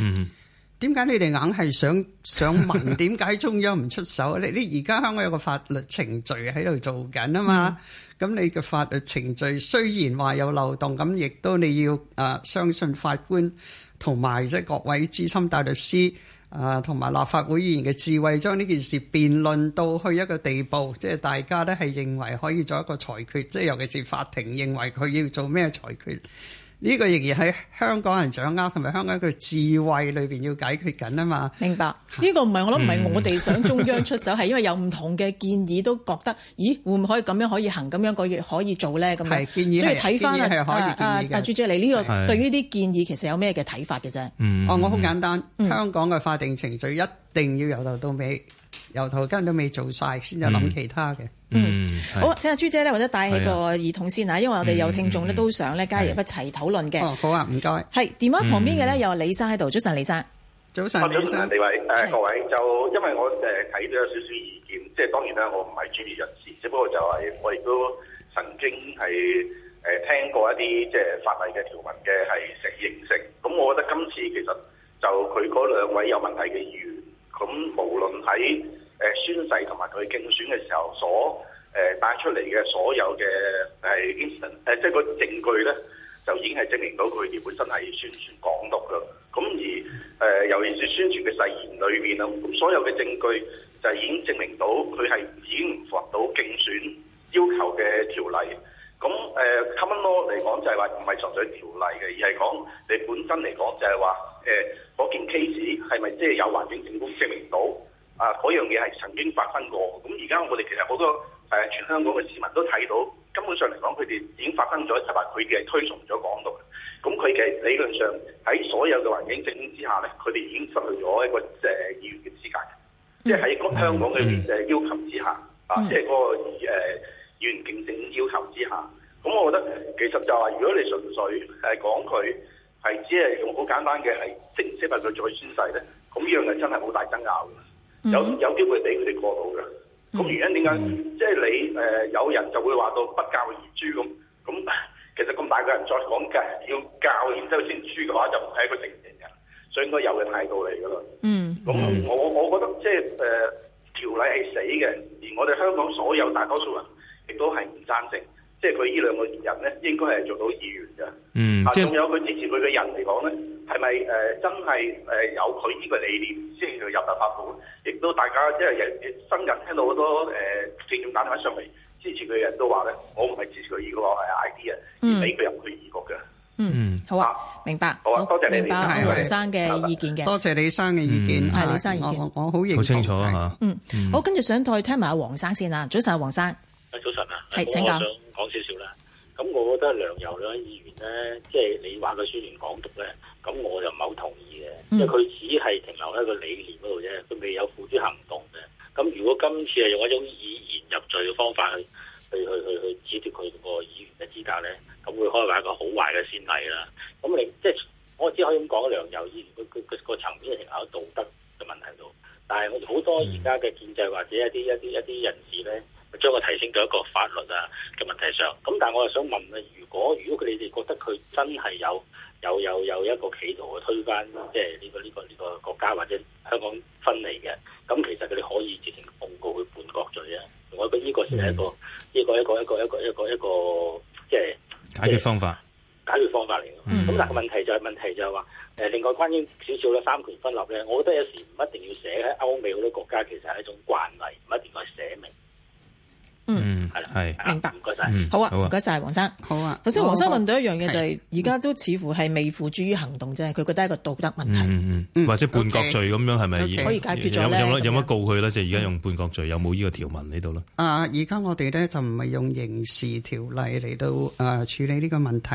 點解、嗯、你哋硬係想想問點解中央唔出手？ 你你而家香港有個法律程序喺度做緊啊嘛？咁、嗯、你嘅法律程序雖然話有漏洞，咁亦都你要啊相信法官同埋即係各位資深大律師。啊，同埋立法會議員嘅智慧，將呢件事辯論到去一個地步，即係大家咧係認為可以做一個裁決，即係尤其是法庭認為佢要做咩裁決。呢個仍然係香港人掌握，同埋香港一個智慧裏邊要解決緊啊嘛。明白呢、呢個唔係我諗唔係我哋想中央出手，係、嗯、 因為有唔同嘅建議都覺得，咦會唔可以咁樣可以行咁樣個嘢可以做咧咁樣。建議，所以睇翻啊啊啊，珠姐你呢個對於呢啲建議其實有咩嘅睇法嘅啫？是嗯、哦，我好簡單，嗯、香港嘅法定程序一定要由頭到尾。由頭根都未做晒，先就諗其他嘅。嗯，嗯是好，請阿朱姐咧，或者帶起個耳筒先啊，因為我哋有聽眾咧都想咧，加入一齊討論嘅。嗯、哦，好啊，唔該。係電話旁邊嘅咧，有李生喺度，早晨李生。早晨，早晨，李偉。誒，各位就因為我誒睇到有少少意見，即係當然啦，我唔係專業人士，只不過就係我亦都曾經係誒、呃、聽過一啲即係法例嘅條文嘅係成認識。咁我覺得今次其實就佢嗰兩位有問題嘅議員，咁無論喺誒宣誓同埋佢競選嘅時候所誒帶出嚟嘅所有嘅係證實誒，即係個證據咧，就已經係證明到佢哋本身係宣傳港獨噶。咁而誒，尤其是宣傳嘅誓言裏邊啊，咁所有嘅證據就已經證明到佢係已經唔符合到競選要求嘅條例。咁誒 common law 嚟講就係話唔係純粹條例嘅，而係講你本身嚟講就係話誒嗰件 case 係咪即係有環境證據證明到？啊！嗰樣嘢係曾經發生過，咁而家我哋其實好多誒、啊，全香港嘅市民都睇到，根本上嚟講，佢哋已經發生咗，就係話佢哋係推崇咗港獨。咁佢嘅理論上喺所有嘅環境整之下咧，佢哋已經失去咗一個誒議員嘅資格。即係喺香港嘅要求之下，mm hmm. 啊，即係嗰個誒議員競爭要求之下，咁我覺得其實就係如果你純粹誒講佢係只係用好簡單嘅係正式話佢做宣誓咧，咁呢樣嘢真係好大爭拗。Mm hmm. 有有機會俾佢哋過到嘅，咁原因點解？Mm hmm. 即係你誒、呃、有人就會話到不教而誅咁，咁其實咁大個人再講嘅，要教然之後先誅嘅話，就唔係一個成年人，所以應該有嘅態度嚟㗎喇。嗯、mm，咁、hmm. 我我覺得即係誒、呃、條例係死嘅，而我哋香港所有大多數人亦都係唔贊成，即係佢呢兩個人咧應該係做到議員嘅。嗯、mm，即、hmm. 仲有佢支持佢嘅人嚟講咧。係咪誒真係誒有佢呢個理念先至入立法會？亦都大家即係新人聽到好多誒正面電話上嚟支持佢嘅人都話咧，我唔係支持佢嘅話係 idea，而俾佢入去議局嘅。嗯，好啊，明白。好啊，多謝你哋嘅李生嘅意見嘅。多謝李生嘅意見。係李生意見。我好認好清楚啊。嗯，好，跟住想再聽埋阿黃生先啊。早晨，阿黃生。誒，早晨啊，係請講。講少少啦。咁，我覺得梁游兩位議員咧，即係你話佢宣傳港獨咧。咁我就唔係好同意嘅，因為佢只係停留喺個理念嗰度啫，佢未有付諸行動嘅。咁如果今次係用一種以言入罪嘅方法去去去去去褫奪佢個議員嘅資格咧，咁會開埋一個好壞嘅先例啦。咁你即係、就是、我只可以咁講，梁游議員佢佢佢個層面係停留喺道德嘅問題度，但係我哋好多而家嘅建制或者一啲一啲一啲人士咧，將佢提升到一個法律啊嘅問題上。咁但係我又想問嘅，如果如果佢你哋覺得佢真係有有有有一個企圖去推翻，即係呢個呢個呢個國家或者香港分離嘅。咁其實佢哋可以直接控告佢叛國罪啊！我覺得呢個先係一個呢、嗯、個一個一個一個一個一個即係、就是、解決方法，解決方法嚟嘅。咁但係問題就係、是、問題就係、是、話，誒另外關於少少咧三權分立咧，我覺得有時唔一定要寫喺歐美好多國家，其實係一種慣例，唔一定要寫明。嗯，係啦的，係的明白，唔該晒，好啊，唔該晒，黃生，好啊。頭先黃生、啊、生問到一樣嘢，啊、就係而家都似乎係未付諸於行動啫，佢覺得係一個道德問題，嗯嗯、或者叛國罪咁樣係咪？可以解決咗有乜有乜告佢咧？即係而家用叛國罪有冇呢個條文喺度咧？啊、嗯，而家我哋咧就唔係用刑事條例嚟到誒處理呢個問題。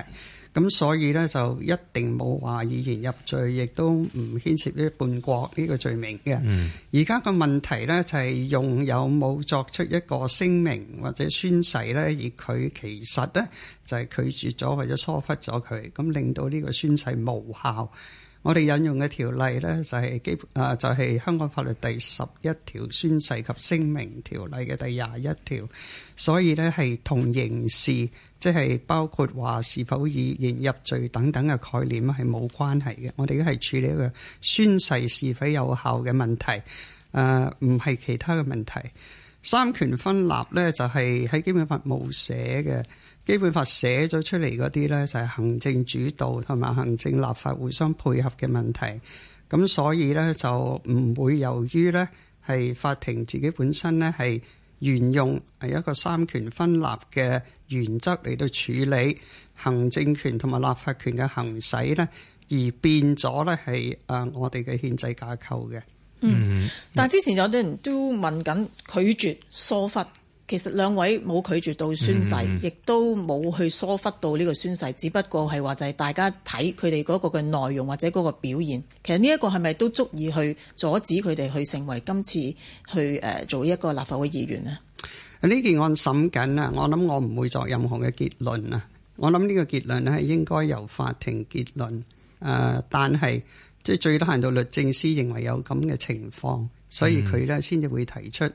咁所以咧就一定冇話以言入罪，亦都唔牽涉於叛國呢個罪名嘅。嗯。而家個問題咧就係用有冇作出一個聲明或者宣誓咧，而佢其實咧就係拒絕咗或者疏忽咗佢，咁令到呢個宣誓無效。我哋引用嘅條例咧，就係，就係基啊，就係香港法律第十一條宣誓及聲明條例嘅第廿一條。所以咧係同刑事，即係包括話是否以刑入罪等等嘅概念係冇關係嘅。我哋都係處理一個宣誓是否有效嘅問題，誒唔係其他嘅問題。三權分立咧，就係喺基本法冇寫嘅。基本法寫咗出嚟嗰啲呢，就係行政主導同埋行政立法互相配合嘅問題。咁所以呢，就唔會由於呢係法庭自己本身呢係沿用係一個三權分立嘅原則嚟到處理行政權同埋立法權嘅行使呢，而變咗呢係啊我哋嘅憲制架構嘅。嗯，嗯嗯，但係之前有啲人都問緊拒絕疏忽。其實兩位冇拒絕到宣誓，亦都冇去疏忽到呢個宣誓，只不過係話就係大家睇佢哋嗰個嘅內容或者嗰個表現。其實呢一個係咪都足以去阻止佢哋去成為今次去誒做一個立法會議員呢？呢、嗯、件案審緊啊，我諗我唔會作任何嘅結論啊。我諗呢個結論咧係應該由法庭結論誒、呃，但係即係最低限度律政司認為有咁嘅情況，所以佢呢先至會提出。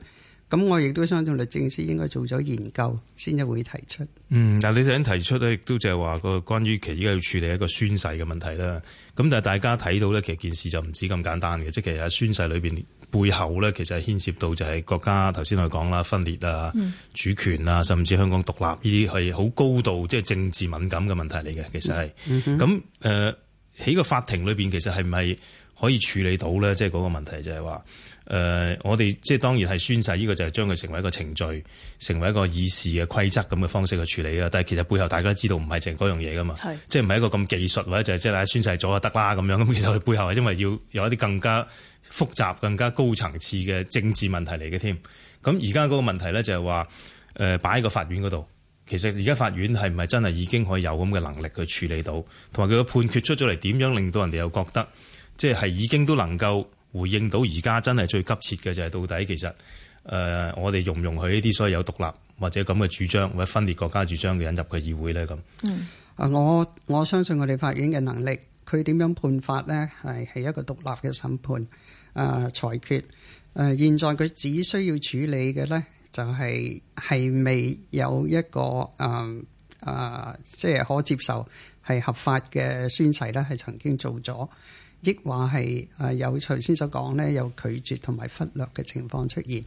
咁我亦都相信律政司應該做咗研究，先至會提出。嗯，但係，你頭先提出咧，亦都就係話個關於其依家要處理一個宣誓嘅問題啦。咁但係大家睇到咧，其實件事就唔止咁簡單嘅，即係其實宣誓裏邊背後咧，其實牽涉到就係國家頭先我講啦，分裂啊、嗯、主權啊，甚至香港獨立呢啲係好高度即係政治敏感嘅問題嚟嘅。其實係，咁誒喺個法庭裏邊，其實係唔係？可以處理到咧，即係嗰個問題就係話誒，我哋即係當然係宣誓，呢個就係將佢成為一個程序，成為一個議事嘅規則咁嘅方式去處理嘅。但係其實背後大家都知道唔係淨係嗰樣嘢噶嘛，是即係唔係一個咁技術或者就係即係大家宣誓咗就得啦咁樣。咁其實我哋背後係因為要有一啲更加複雜、更加高層次嘅政治問題嚟嘅。添咁而家嗰個問題咧就係話誒擺喺個法院嗰度，其實而家法院係唔係真係已經可以有咁嘅能力去處理到，同埋佢個判決出咗嚟，點樣令到人哋又覺得？即係已經都能夠回應到，而家真係最急切嘅就係到底其實誒、呃，我哋容唔容許呢啲所有獨立、或者咁嘅主張或者分裂國家主張嘅人入佢議會咧？咁嗯，啊，我我相信我哋法院嘅能力，佢點樣判法咧，係係一個獨立嘅審判誒、呃、裁決誒、呃。現在佢只需要處理嘅咧就係係未有一個誒誒、呃，即係可接受係合法嘅宣誓咧，係曾經做咗。亦話係誒有，隨先所講咧有拒絕同埋忽略嘅情況出現。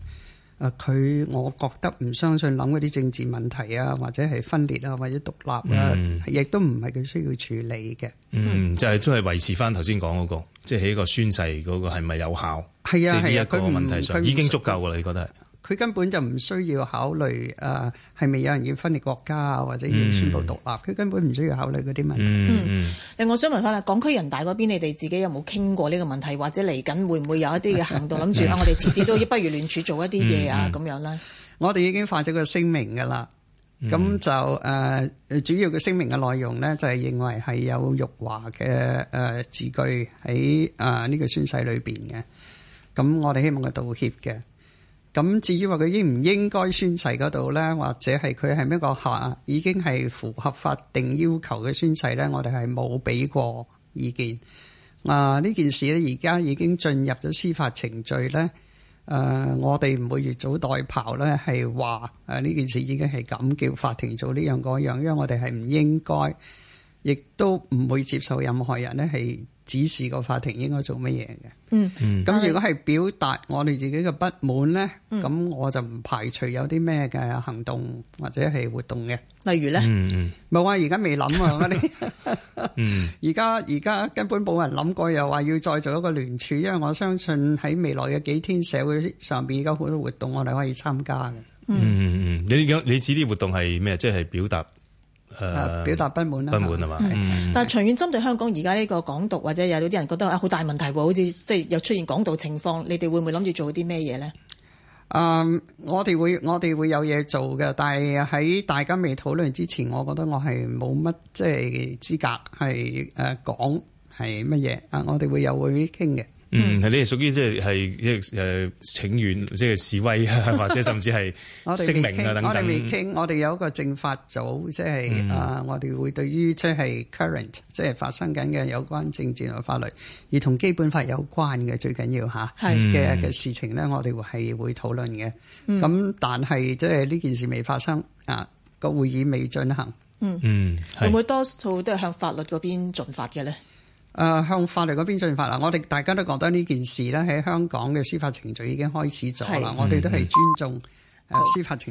誒佢，我覺得唔相信諗嗰啲政治問題啊，或者係分裂啊，或者、啊、或者獨立啊，亦、啊啊、都唔係佢需要處理嘅。嗯，就係都係維持返頭先講嗰個，即、就、係、是、一個宣誓嗰個係咪有效？係啊，即係呢一個問題上已經足夠啦，你覺得？佢根本就唔需要考慮啊，呃、係咪有人要分裂國家啊，或者要宣布獨立？佢根本唔需要考慮嗰啲問題。嗯，嗯。另外我想問翻啦，港區人大嗰邊，你哋自己有冇傾過呢個問題，或者嚟緊會唔會有一啲嘅行動，諗住 啊，我哋遲啲都不如聯署做一啲嘢、 嗯、啊，咁樣咧？我哋已經發咗個聲明噶啦，咁就誒、呃、主要嘅聲明嘅內容呢，就係認為係有辱華嘅誒、呃、字句喺啊呢個宣誓裏邊嘅，咁我哋希望佢道歉嘅。咁至於話佢應唔應該宣誓嗰度咧，或者係佢係咩個客啊，已經係符合法定要求嘅宣誓咧，我哋係冇俾過意見。啊，呢件事咧而家已經進入咗司法程序咧。誒、呃，我哋唔會越俎代庖咧，係話誒呢件事已經係咁叫法庭做呢樣嗰樣，因為我哋係唔應該，亦都唔會接受任何人咧係。指示個法庭應該做乜嘢嘅？嗯嗯。咁如果係表達我哋自己嘅不滿咧，咁、嗯、我就唔排除有啲咩嘅行動或者係活動嘅。例如咧？嗯嗯。冇啊，而家未諗啊。我哋，嗯。而家而家根本冇人諗過，又話要再做一個聯署，因為我相信喺未來嘅幾天社會上邊，而家好多活動我哋可以參加嘅。嗯嗯嗯。嗯，你你指啲活動係咩？即、就、係、是、表達。誒表達不滿啊！不滿係嘛？嗯、但係長遠針對香港而家呢個港獨，或者有啲人覺得啊，好大問題喎！好似即係又出現港獨情況，你哋會唔會諗住做啲咩嘢咧？誒、嗯，我哋會我哋會有嘢做嘅，但係喺大家未討論之前，我覺得我係冇乜即係資格係誒、呃、講係乜嘢啊！我哋會有會傾嘅。嗯，係你哋屬於即係係誒請願，即係示威，或者甚至係聲明啊，等我哋未傾，我哋有一個政法組，嗯、即係啊，我哋會對於即係 current，即係發生緊嘅有關政治同法律，而同基本法有關嘅最緊要嚇，係嘅嘅事情咧，我哋會係會討論嘅。咁、嗯、但係即係呢件事未發生啊，個會議未進行，嗯嗯，嗯是會唔會多數都係向法律嗰邊進發嘅咧？誒向法律邊進進發啦！我哋大家都覺得呢件事咧喺香港嘅司法程序已經開始咗啦，嗯、我哋都係尊重誒司法程序。